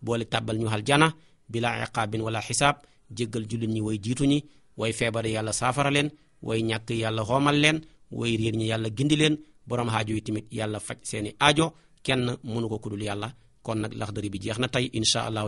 boole tàbbal ñu aljana bila iqaabin wala xisaab jéggal jullit ñi way ñi way feebar yàlla saafara leen way ñàkk yàlla xoomal leen way réer ñi yàlla gindi leen borom aajo yi tamit yàlla faj seeni aajo kenn mënu ko kudul yàlla kon nag Laxdari bi jeex na tey incha allah.